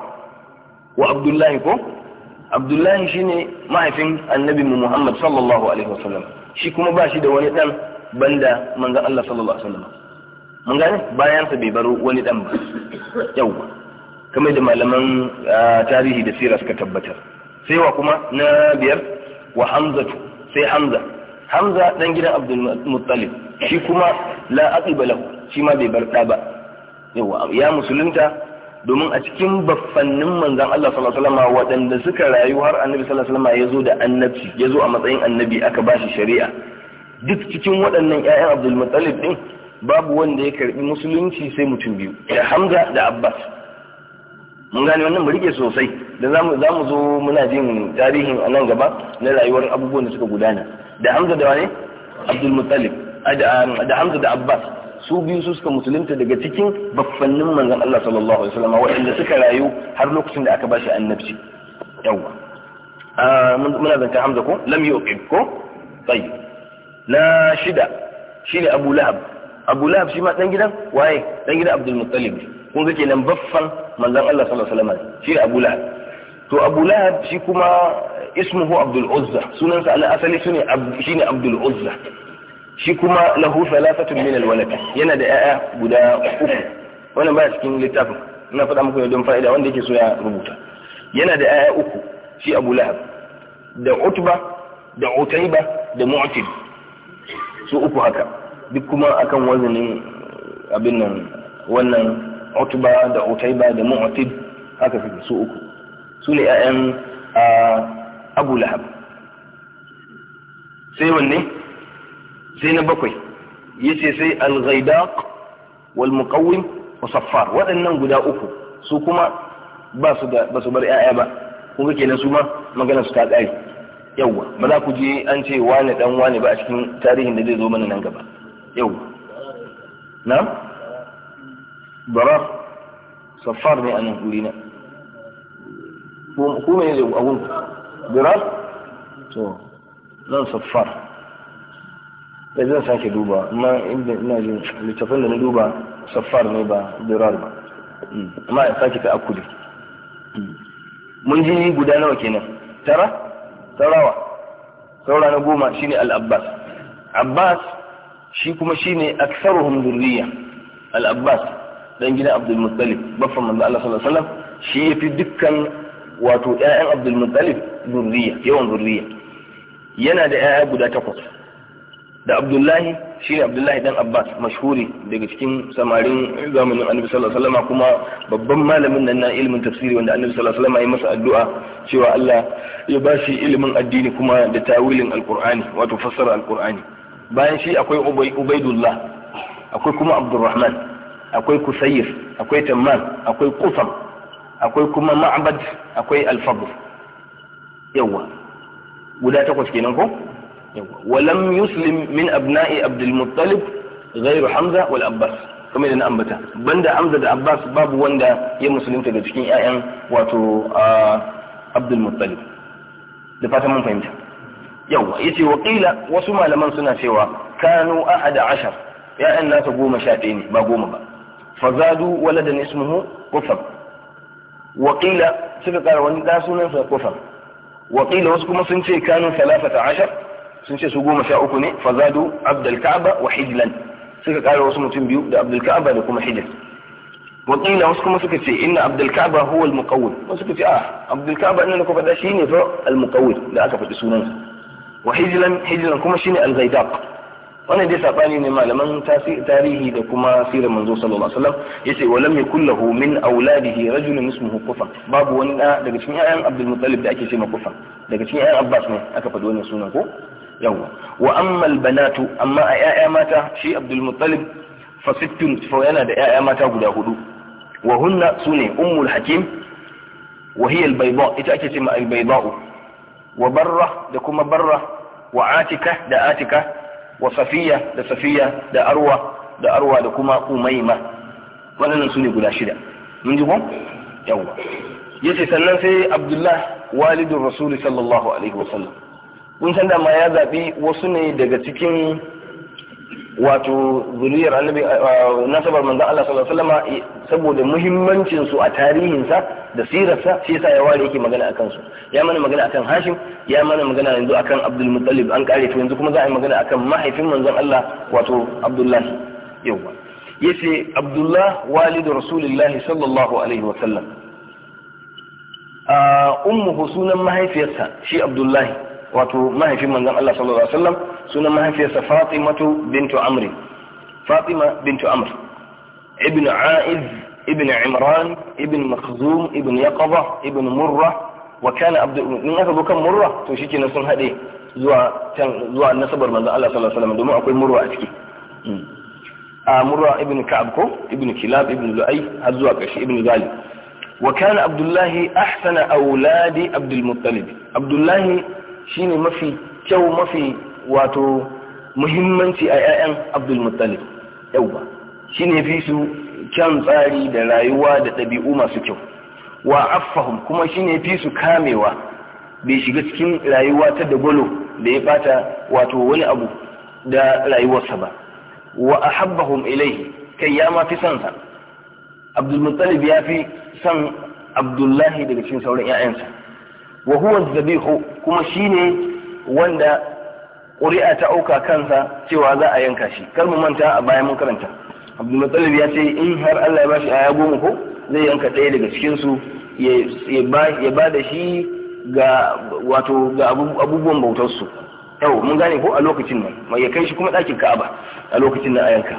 wa abdullahi ko abdullahi shine mahaifin annabi mu muhammad sallallahu alaihi wasallam shi kuma ba shi da wani dan banda manzon Allah sallallahu alaihi wasallam mun gane bayan sa bai baro wani dan ba yawa kamar da malaman tarihi da sira suka tabbatar sai wa kuma na biyar wa hamzatu sai hamza hamza dan gidan abdul muttalib shi kuma la aqiba lahu shi ma bai bar da ba yawa ya musulunta domin a cikin baffannin manzan Allah sallallahu alaihi wasallam waɗanda suka rayu har annabi sallallahu alaihi wasallam ya zo da annabci ya zo a matsayin annabi aka bashi shari'a duk cikin waɗannan ƴaƴan Abdul Muttalib din babu wanda ya karbi musulunci sai mutum biyu da Hamza da Abbas mun gane wannan mu rike sosai da zamu zamu zo muna jin tarihin a nan gaba na rayuwar abubuwan da suka gudana da Hamza da wane Abdul Muttalib da Hamza da Abbas su biyu su suka musulunta daga cikin baffannin manzon Allah sallallahu alaihi wasallam waɗanda suka rayu har lokacin da aka ba shi annabci yawa ah, muna zanta Hamza ko lam yuqib ko tayyib na shida shine Abu Lahab Abu Lahab shi ma dan gidan waye dan gidan Abdul Muttalib kun ga kenan baffan manzon Allah sallallahu alaihi wasallam shi Abu Lahab to Abu Lahab shi kuma ismuhu Abdul Uzza sunansa na asali shine shine Abdul Uzza shi kuma lahu thalathatun min alwalad yana da yaya guda uku wannan ba cikin littafin ina faɗa muku don fa'ida wanda yake so ya rubuta yana da yaya uku shi Abu Lahab da Utba da Utayba da Mu'tib su uku haka duk kuma akan wazanin eh, abin nan wannan Utba da Utayba da Mu'tib haka suke su uku su ne yayan ah, Abu Lahab sai wanne sai na bakwai ce sai al-ghaidaq wal muqawwim wa saffar waɗannan guda uku su kuma ba su ba su bar ƴaƴa ba kun ga kenan su ma magana su ta tsari yawa ba za ku je an ce wane dan wane ba a cikin tarihin da zai zo mana nan gaba yawa na Bara. saffar ne a nan guri na ko mene ne abun barar to nan saffar da zan sake duba amma inda ina jin littafin da na duba safar ne ba dirar ba hmm. amma ya sake ta akuli hmm. mun ji guda nawa kenan tara saurawa saura na goma shine al-abbas abbas shi kuma shine aktsaruhum durriya al-abbas dan gidan abdul muttalib baffan manzo Allah sallallahu alaihi wasallam shi yafi dukkan wato ƴaƴan abdul muttalib durriya yawan durriya yana da ƴaƴa guda takwas da abdullahi shi ne abdullahi dan abbas mashhuri daga cikin samarin zamanin annabi sallallahu alaihi wasallam kuma babban malamin nan na ilimin tafsiri wanda annabi sallallahu alaihi wasallam ya masa addu'a cewa Allah ya ba shi ilimin addini kuma da tawilin alqur'ani wato fassara alqur'ani bayan shi akwai ubaidullah akwai kuma abdurrahman akwai kusayir akwai tamman akwai qusam akwai kuma ma'bad akwai alfadl yawa guda takwas kenan ko walam yuslim min abna'i abdul muttalib ghairu hamza wal abbas kuma na ambata banda hamza da abbas babu wanda ya musulunta da cikin 'ya'yan wato abdul muttalib da fatan mun fahimta yawa yace wa qila wasu malaman suna cewa kanu ahada ashar ya'yan nasa goma sha ɗaya ne ba goma ba fazadu waladan ismuhu kufar wa qila suka kara wani da sunan sa kufar wa qila wasu kuma sun ce kanu salafata ashar sun ce su goma sha uku ne fazadu abdul ka'aba wa hijlan suka kara wasu mutum biyu da abdul ka'aba da kuma hijlan wakila wasu kuma suka ce inna abdul ka'aba huwa al muqawwil wasu suka ce a ah, abdul ka'aba inna ko fada shine fa al muqawwil da aka faɗi sunansa wa hijlan hijlan kuma shine al zaidaq wannan dai sabani ne malaman tarihi da kuma sirar manzo sallallahu alaihi wasallam yace wa lam yakul lahu min auladihi rajulun ismuhu kufa babu wani daga cikin ƴaƴan abdul muttalib da ake ce ma kufa daga cikin ƴaƴan abbas ne aka faɗi wannan sunan ko yawa wa ammal banatu amma a ƴaƴa mata shi abdul muttalib fa sittun fa yana da ƴaƴa mata guda hudu wa hunna sune ummul hakim wa hiya al bayda ita ake cewa al wa barra da kuma barra wa atika da atika wa safiya da safiya da arwa da arwa da kuma umayma wannan sune guda shida mun ji ko yawa yace sannan sai abdullah walidin rasuli sallallahu alaihi wasallam mun san dama ya zaɓi wasu ne daga cikin wato zuriyar annabi nasabar manzon Allah sallallahu alaihi wasallam saboda muhimmancin su a tarihin sa da sirarsa shi yasa ya ware yake magana akan su ya mana magana akan Hashim ya mana magana yanzu akan Abdul Muttalib an kare to yanzu kuma za a yi magana akan mahaifin manzon Allah wato Abdullah yawa yace Abdullah walidu Rasulullahi sallallahu alaihi wasallam ummuhu sunan mahaifiyarsa shi Abdullahi wato mahaifin manzon Allah sallallahu alaihi wasallam sunan mahaifiyarsa Fatimatu bintu Amr Fatima bintu Amr ibn Aiz ibn Imran ibn Makhzum ibn Yaqaba ibn Murra wa kana abdu in aka zo kan Murra to shikenan sun hade zuwa can zuwa nasabar manzon Allah sallallahu alaihi wasallam domin akwai Murra a ciki hmm. a Murra ibn Ka'ab ko ibn Kilab ibn Lu'ay har zuwa kashi ibn Ghalib وكان عبد الله أحسن أولاد عبد المطلب عبد shine mafi kyau mafi wato muhimmanci a 'ya'yan abdulmuttalib yauwa shi ne fi su kyan tsari da rayuwa da ɗabi'u masu kyau wa affahum kuma shi ne fi su kamewa bai shiga cikin rayuwa ta dagwalo da ya bata wato wani abu da rayuwarsa ba wa ahabbahum ilaihi kai ya ma fi son sa abdulmuttalib ya fi son abdullahi daga cikin sauran 'ya'yansa wa huwa zabihu kuma shine wanda ƙuri'a ta auka kansa cewa za a yanka shi kar mu manta a bayan mun karanta abdulmutsalib ya ce in har Allah ya bashi aya goma ko zai yanka ɗaya daga cikin su ya ba da shi ga wato ga abubuwan bautar su yau mun gane ko a lokacin nan ya kai shi kuma ɗakin ka'aba a lokacin nan a yanka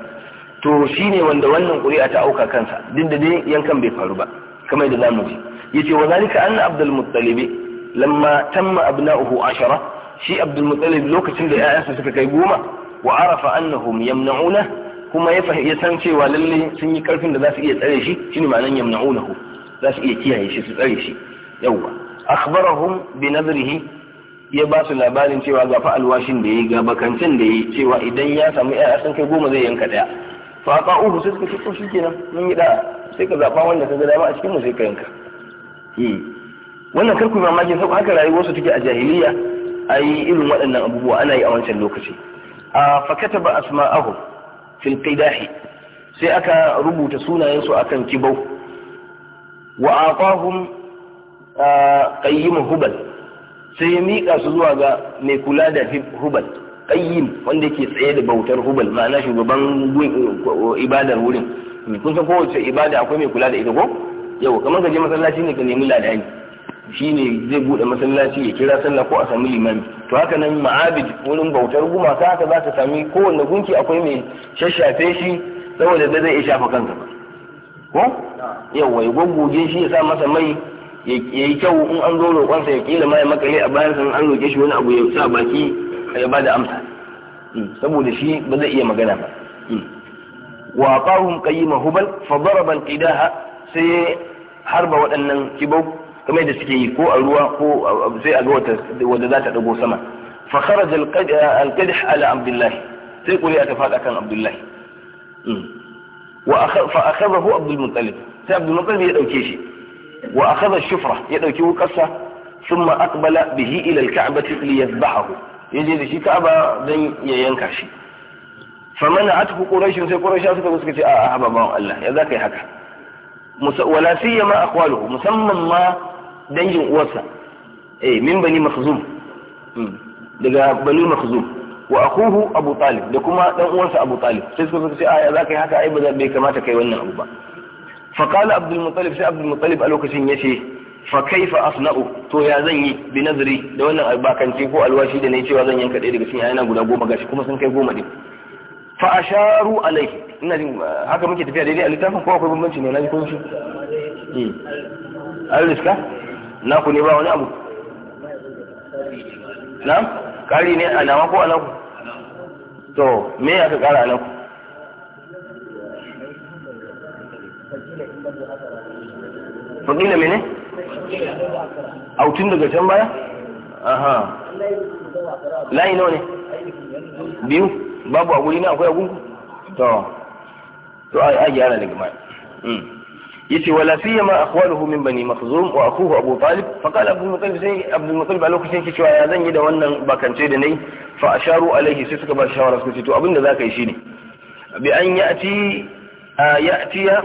to shine wanda wannan ƙuri'a ta auka kansa duk da dai yankan bai faru ba kamar da zamu ji yace wa zalika anna abdul muttalib lamma tamma uhu ashara shi abdul lokacin da ƴaƴansa suka kai goma wa arafa annahum yamna'una kuma ya ya san cewa lalle sun yi karfin da za su iya tsare shi shine ma'anan yamna'unahu za su iya kiyaye shi su tsare shi yawwa akhbarahum bi nadrihi ya ba su labarin cewa ga alwashin da yayi ga bakancin da yayi cewa idan ya samu ƴaƴa sun kai goma zai yanka daya fa qa'uhu sai suka ce to shikenan mun yi da sai ka zaba wanda ka ga dama a cikin mu sai ka yanka hmm. wannan karku mamaki sau haka rayuwarsu take a jahiliya yi irin waɗannan abubuwa ana yi a wancan lokaci a fakata ba asma'ahu fil qidahi sai aka rubuta sunayensu akan kibau wa aqahum qayyim hubal sai ya miƙa su zuwa ga mai kula da hubal qayyim wanda yake tsaye da bautar hubal ma'ana shugaban ibadar wurin kun san kowace ibada akwai mai kula da ita ko yau kamar ka je masallaci ne ka nemi ladani shine zai bude masallaci ya kira sallah ko a sami limami to haka nan ma'abid wurin bautar gumaka haka za ta sami kowanne gunki akwai mai shashafe shi saboda da zai iya shafa kansa ba ko yawa ya goggoge shi ya sa masa mai ya yi kyau in an zo roƙonsa ya kila mai makale a bayan sa an roƙe shi wani abu ya sa baki ya ba da amsa hmm, saboda shi ba zai iya magana ba hmm. wa qawm qayyima hubal fa daraba al-qidaha sai harba waɗannan kibau kamar da suke yi ko a ruwa ko sai a ga wata wanda za ta dago sama fa kharaja al-qadh ala abdullahi sai kuri'a ta fada kan abdullahi wa fa akhadhahu abdul muttalib sai abdul muttalib ya dauke shi wa akhadha shufra ya dauki wukarsa thumma aqbala bihi ila al-ka'bati li yadhbahu yaje da shi ka'aba dan ya yanka shi famana'athu quraish sai quraish suka suka ce a'a haba bawan Allah ya zaka yi haka ولا سيما اقواله مسمى ما dangin uwarsa eh min bani makhzum hmm. daga bani makhzum wa akuhu abu talib da kuma dan uwarsa abu talib sai suka ce a ya ka yi haka ai ba bai kamata kai wannan abu ba fa qala abdul muttalib sai abdul muttalib a lokacin yace fa kaifa asna'u to ya zan yi bi nazari da wannan albakanci ko alwashi da nayi cewa zan yanka ɗaya daga cikin yana guda goma gashi kuma sun kai goma din fa asharu alaihi ina jin eh, haka muke tafiya daidai a littafin ko akwai bambanci ne na ji kun shi hmm. an riska na ku ne ba wani abu na ƙari ne a nama ko a naku to me ya ka kara a naku fakila mene autun daga can baya aha layi nawa ne biyu babu a guri ne akwai agungu to to a gyara daga mai hmm. yace wala siyama akhwaluhu min bani makhzum wa akuhu abu talib fa qala abu mutalib sai abu mutalib a lokacin yake cewa ya zan yi da wannan bakance da nayi fa asharu alaihi sai suka ba shawara suka ce to abinda zaka yi shine bi an yati yatiya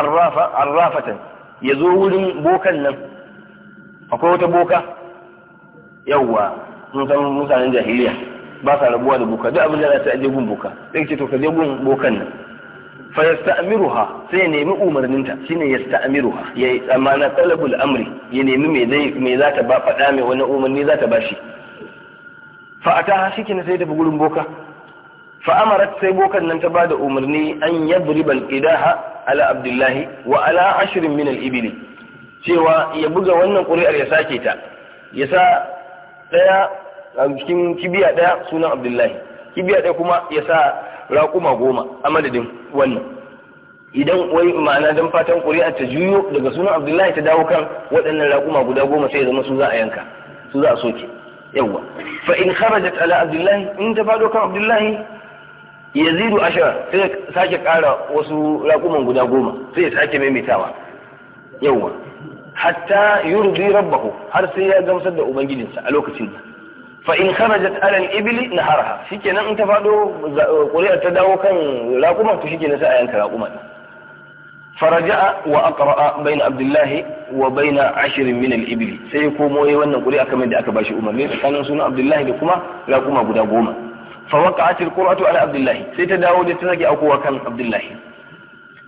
arrafa arrafatan yazo wurin bokan nan akwai wata boka yawwa mun san mutanen jahiliya ba sa rabuwa da boka duk abin da za ta aje gun boka sai ce to ka je gun bokan nan fa yasta'miruha sai ya nemi umarninta shine yasta'miruha ya amana talabul amri ya nemi me zai me za ba faɗa mai wani umarni za ta bashi fa ataha shikenan sai ta bi gurin boka fa amarat sai bokar nan ta ba da umarni an yadribal qidaha ala abdullahi wa ala ashirin min al cewa ya buga wannan ƙuri'ar ya sake ta ya sa ɗaya a cikin kibiya ɗaya sunan abdullahi kibiya ɗaya kuma ya sa raƙuma goma a madadin wannan idan wai ma'ana dan fatan ƙuri'a ta juyo daga sunan abdullahi ta dawo kan waɗannan raƙuma guda goma sai ya zama su za a yanka su za a soke yawwa fa in kharajat ala abdullahi in ta fado kan abdullahi yazidu ashara sai sake ƙara wasu raƙuman guda goma sai ya sake maimaitawa yawwa hatta yurdi rabbahu har sai ya gamsar da ubangijinsa a lokacin fa in kharajat ala al-ibli naharaha shikenan in ta fado ƙuri'ar ta dawo kan raƙuma to shikenan sai a yanka raƙuma faraja'a wa aqra'a baina abdullahi wa baina ashirin min al-ibli sai komo yayi wannan ƙuri'a kamar da aka bashi umarni tsakanin sunan abdullahi da kuma raƙuma guda goma fa waqa'at al-qur'atu ala abdullahi sai ta dawo da ta sake aukowa kan abdullahi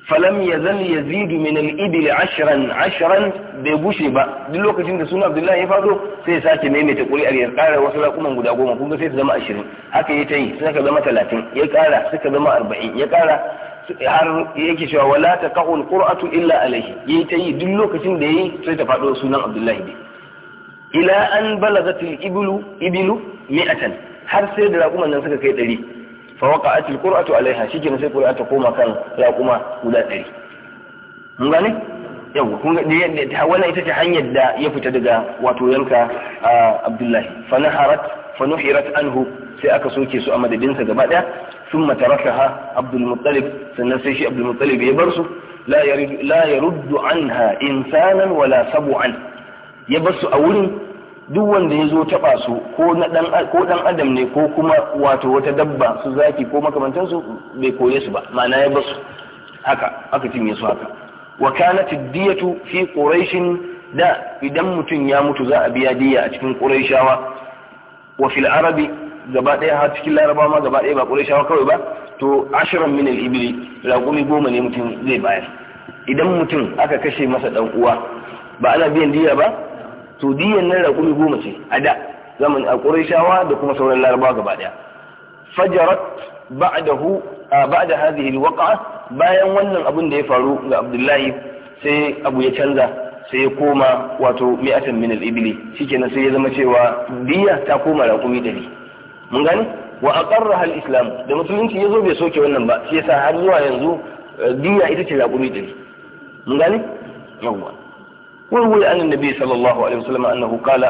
falam ya zan ya zidu min al'ibili ashiran ashiran bai bushe ba duk lokacin da suna abdullahi ya fado sai ya sake maimaita ƙuri'ar ya ƙara wasu raƙuman guda goma kuma sai su zama ashirin haka ya ta yi suka zama talatin ya ƙara suka zama arba'in ya ƙara har yake cewa wala ta ka'ul qur'atu illa alaihi ya ta yi duk lokacin da ya yi sai ta faɗo sunan abdullahi ne ila an balagatul ibilu ibilu mi'atan har sai da raƙuman nan suka kai ɗari fa waqa'at alqur'atu alaiha shikenan sai qur'a ta koma kan ya kuma guda ɗari mun gane yawa kun ga wannan ita ce hanyar da ya fita daga wato yanka Abdullahi fa naharat fa anhu sai aka soke su a madadinsa gaba daya thumma tarakaha Abdul sannan sai shi Abdul Muttalib ya bar su la yarid la yaruddu anha insanan wala sab'an ya bar su a wurin duk wanda ya zo taɓa su ko ɗan adam ne ko kuma wato wata dabba su zaki ko makamantansu bai koye su ba ma'ana ya basu haka aka cinye su haka wa kanat diyatu fi quraishin da idan mutum ya mutu za a biya diya a cikin quraishawa wa fil arabi gaba ɗaya har cikin laraba ma gaba ɗaya ba quraishawa kawai ba to ashirin min al ibli raƙumi goma ne mutum zai bayar idan mutum aka kashe masa dan uwa ba ana biyan diya ba to diyan nan raƙumi goma ce a da zaman a ƙurayshawa da kuma sauran larabawa gaba daya fajarat ba'dahu ba'da hadhihi alwaqa bayan wannan abin da ya faru ga Abdullahi sai abu ya canza sai ya koma wato mi'atan min al-ibli shikenan sai ya zama cewa diya ta koma raƙumi dari mun gane wa aqarraha al-islam da musulunci yazo bai soke wannan ba shi yasa har zuwa yanzu eh, diya ita ce raƙumi dari mun gane yawwa wurwul an nabi sallallahu alaihi wasallam annahu kala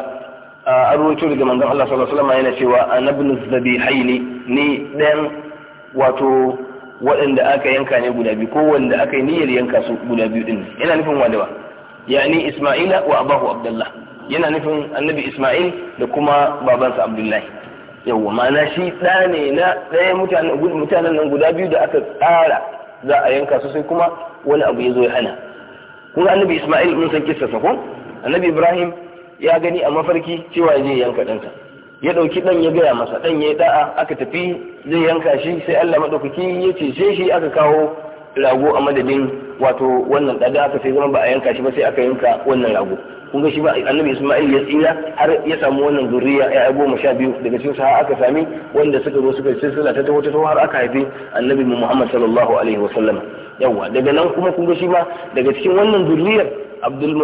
a rawaito daga manzon Allah sallallahu alaihi yana cewa annabnu zabihaini ni dayan wato waɗanda aka yanka ne guda biyu ko wanda aka yi niyyar yanka su guda biyu din yana nufin wanda ba yani isma'ila wa abahu abdullah yana nufin annabi isma'il da kuma babansa abdullahi yawwa ma'ana shi ɗa ne na ɗaya mutanen nan guda biyu da aka tsara za a yanka su sai kuma wani abu ya zo ya hana kun annabi Isma'il mun san kissa ko annabi Ibrahim ya gani a mafarki cewa zai yanka ɗansa ya ɗauki ɗan ya gaya masa ɗan ya yi da'a aka tafi zai yanka shi sai Allah maɗaukaki ya sai shi aka kawo rago a madadin wato wannan ɗada aka sai zama ba a yanka shi ba sai aka yanka wannan rago kun ga shi ba annabi Isma'il ya tsira har ya samu wannan zuriya ya goma sha biyu daga cikin sa aka sami wanda suka zo suka sisila ta wata ta har aka haifi annabi Muhammad sallallahu alaihi wa sallam yawa daga nan kuma kun shi ma daga cikin wannan zuriyar abdul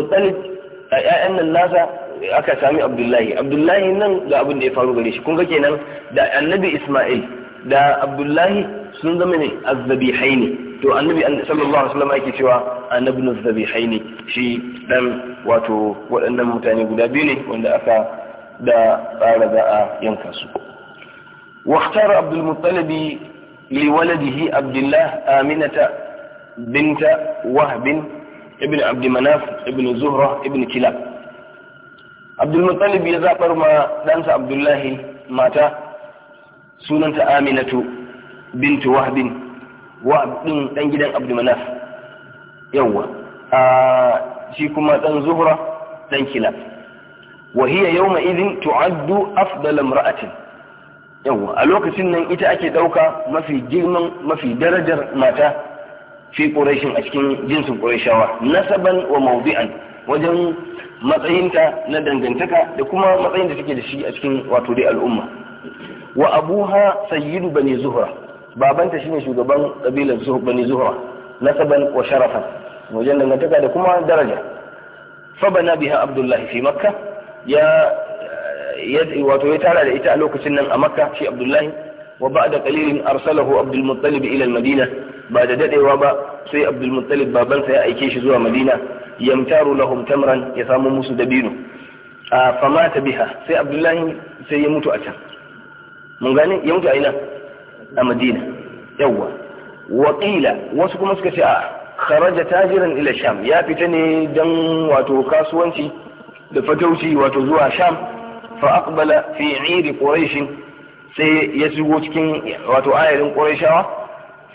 a ƴaƴan nan nasa aka sami abdullahi abdullahi nan ga abin da ya faru gare shi kun ga kenan da annabi isma'il da abdullahi sun zama ne azzabihaini to annabi sallallahu alaihi wasallam yake cewa annabnu azzabihaini shi dan wato waɗannan mutane guda biyu ne wanda aka da tsara za a yanka su واختار عبد المطلب لولده عبد الله آمنة بنت وهب ابن عبد مناف ابن زهرة ابن كلاب عبد المطلب ya zaɓar ma ɗansa abdullahi mata sunanta aminatu bintu wahbin wahab ɗin gidan abdu manaf yawwa shi kuma ɗan zuhra ɗan kilab wa hiya yawma idin tu'addu afdal imra'atin yawwa a lokacin nan ita ake ɗauka mafi girman mafi darajar mata fi ƙurashin a cikin jinsin ƙurashawa nasaban wa mawdi'an wajen matsayinta na dangantaka da kuma matsayin da take da shi a cikin wato dai al'umma wa abuha sayyidu bani zuhra babanta shine shugaban kabilar bani zuhra nasaban wa sharafan wajen dangantaka da kuma daraja fa bana biha abdullahi fi makka ya wato ya tara da ita a lokacin nan a makka shi abdullahi wa ba'da qalilin arsalahu abdul muttalib ila al-madina ba da dadewa ba sai abdul muttalib babansa ya aike shi zuwa madina yamtaru lahum tamran ya samu musu dabino a famata biha sai abdullahi sai ya mutu a can mun gane ya mutu a ina a madina yawwa waƙila wasu kuma suka ce a kharaja tajiran ila sham ya fita ne dan wato kasuwanci da fatauci wato zuwa sham fa aqbala fi 'ir quraish sai ya shigo cikin wato ayarin qurayshawa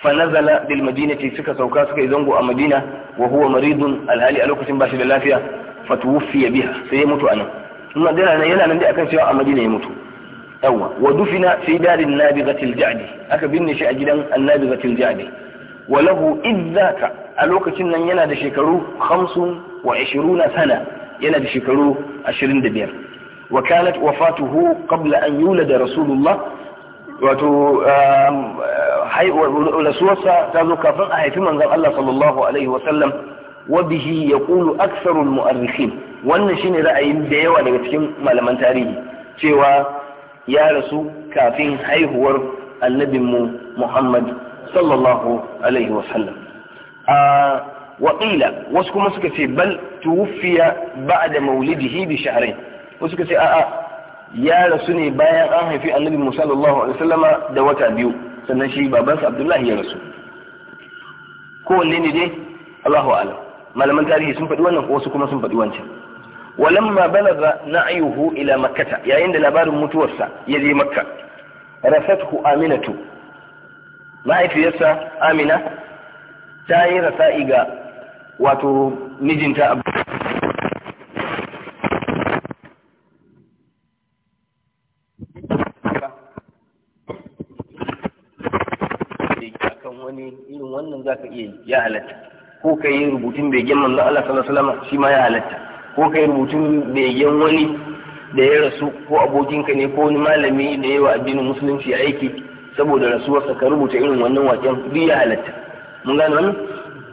fa nazala madina ce suka sauka suka yi zango a madina wa huwa maridun alhali a lokacin bashi da lafiya fa tuwfiya biha sai ya mutu anan kuma dana nan yana nan dai akan cewa a madina ya mutu yawa wa dufina fi darin nabigatil ja'di aka binne shi a gidan annabigatil ja'di wa lahu idzaka a lokacin nan yana da shekaru 25 sana yana da shekaru 25 wa kanat wafatuhu qabla an da rasulullah wato um, rasuwarsa ta zo kafin a haifi manzan Allah sallallahu alaihi wa sallam wa yaqulu aktharu wannan shine ra'ayin da yawa daga cikin malaman tarihi cewa ya rasu kafin haihuwar annabinmu Muhammad sallallahu alaihi wa waƙila wasu kuma suka ce bal tuwuffiya ba'da maulidihi bi sha'rin wasu suka ce a'a ya rasu ne bayan an haifi annabi musa sallallahu alaihi wasallama da wata biyu sannan shi babansa abdullahi ya rasu Ko wanne ne dai allahu alam malaman tarihi sun faɗi wannan wasu kuma sun faɗi wancan walamma balaga na'ayuhu ila makkata yayin da labarin mutuwarsa ya je makka rasathu aminatu mahaifiyarsa amina ta yi rasa'i ga wato mijinta abu za ka iya ya halatta ko ka yi rubutun gyan manzo Allah sallallahu alaihi wasallam shi ma ya halatta ko ka yi rubutun gyan wani da ya rasu ko abokinka ne ko wani malami da yawa addinin musulunci aiki saboda rasuwarsa ka rubuta irin wannan waken duk ya halatta mun gane wannan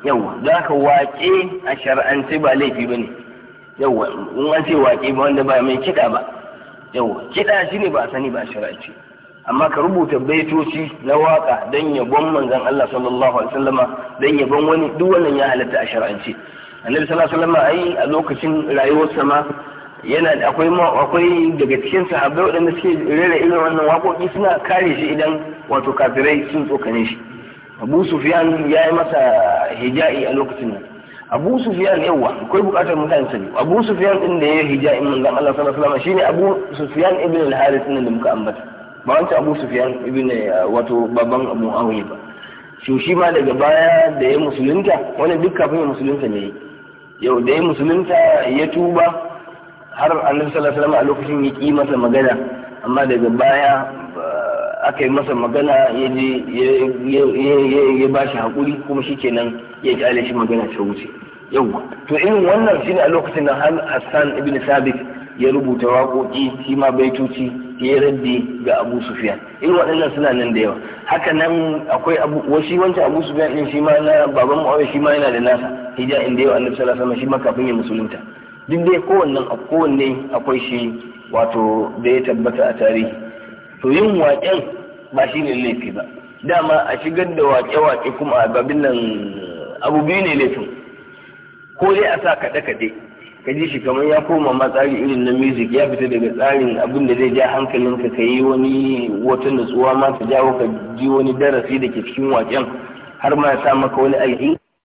yawa za ka waƙe a shar'ance ba laifi ba ne yawa in an ce waƙe ba wanda ba mai kiɗa ba yawa kiɗa shi ne ba a sani ba a shar'ance amma ka rubuta baitoci na waka dan yabon manzon Allah sallallahu alaihi wasallama dan yabon wani duk wannan ya halatta a shar'ance annabi sallallahu alaihi wasallama ai a lokacin rayuwarsa ma yana akwai akwai daga cikin sahabbai waɗanda suke rera irin wannan waƙoƙi suna kare shi idan wato kafirai sun tsokane shi abu sufyan ya yi masa hija'i a lokacin nan abu sufyan yawa akwai buƙatar mutane sani abu sufyan din da ya yi hija'in manzon Allah sallallahu alaihi wasallam shine abu sufyan ibn al-harith din da muka ambata ba wancan abu sufiyan ibn wato baban abu aure ba shi shi ma daga baya da ya musulunta wani duk kafin ya musulunta ne yau da ya musulunta ya tuba har annabi sallallahu alaihi a lokacin ya ki masa magana amma daga baya eh, aka yi masa magana ya bashi ya ba shi hakuri kuma shikenan ya kyale shi magana ta wuce yau to irin wannan shine a lokacin da Hassan ibn Sabit ya rubuta waƙoƙi shi ma baitoci ya raddi ga abu sufiyan irin waɗannan suna nan da yawa haka nan akwai wasu wancan abu sufiyan din shi ma na baban mu'awai shi ma yana da nasa hija inda yawa annabi sallallahu alaihi wasallam shi ma kafin ya musulunta duk dai kowannen kowanne akwai shi wato da ya tabbata a tarihi to yin waƙen ba shi ne laifi ba dama a shigar da waƙe-waƙe kuma a babin nan abu biyu ne laifin ko dai a sa kaɗe-kaɗe ka ji shi kamar ya koma ma tsari irin na music ya fita daga tsarin abin da zai ja hankalinka ka yi wani wata nutsuwa ma ta jawo ka ji wani darasi da ke cikin waken har ma ya sa maka wani alhi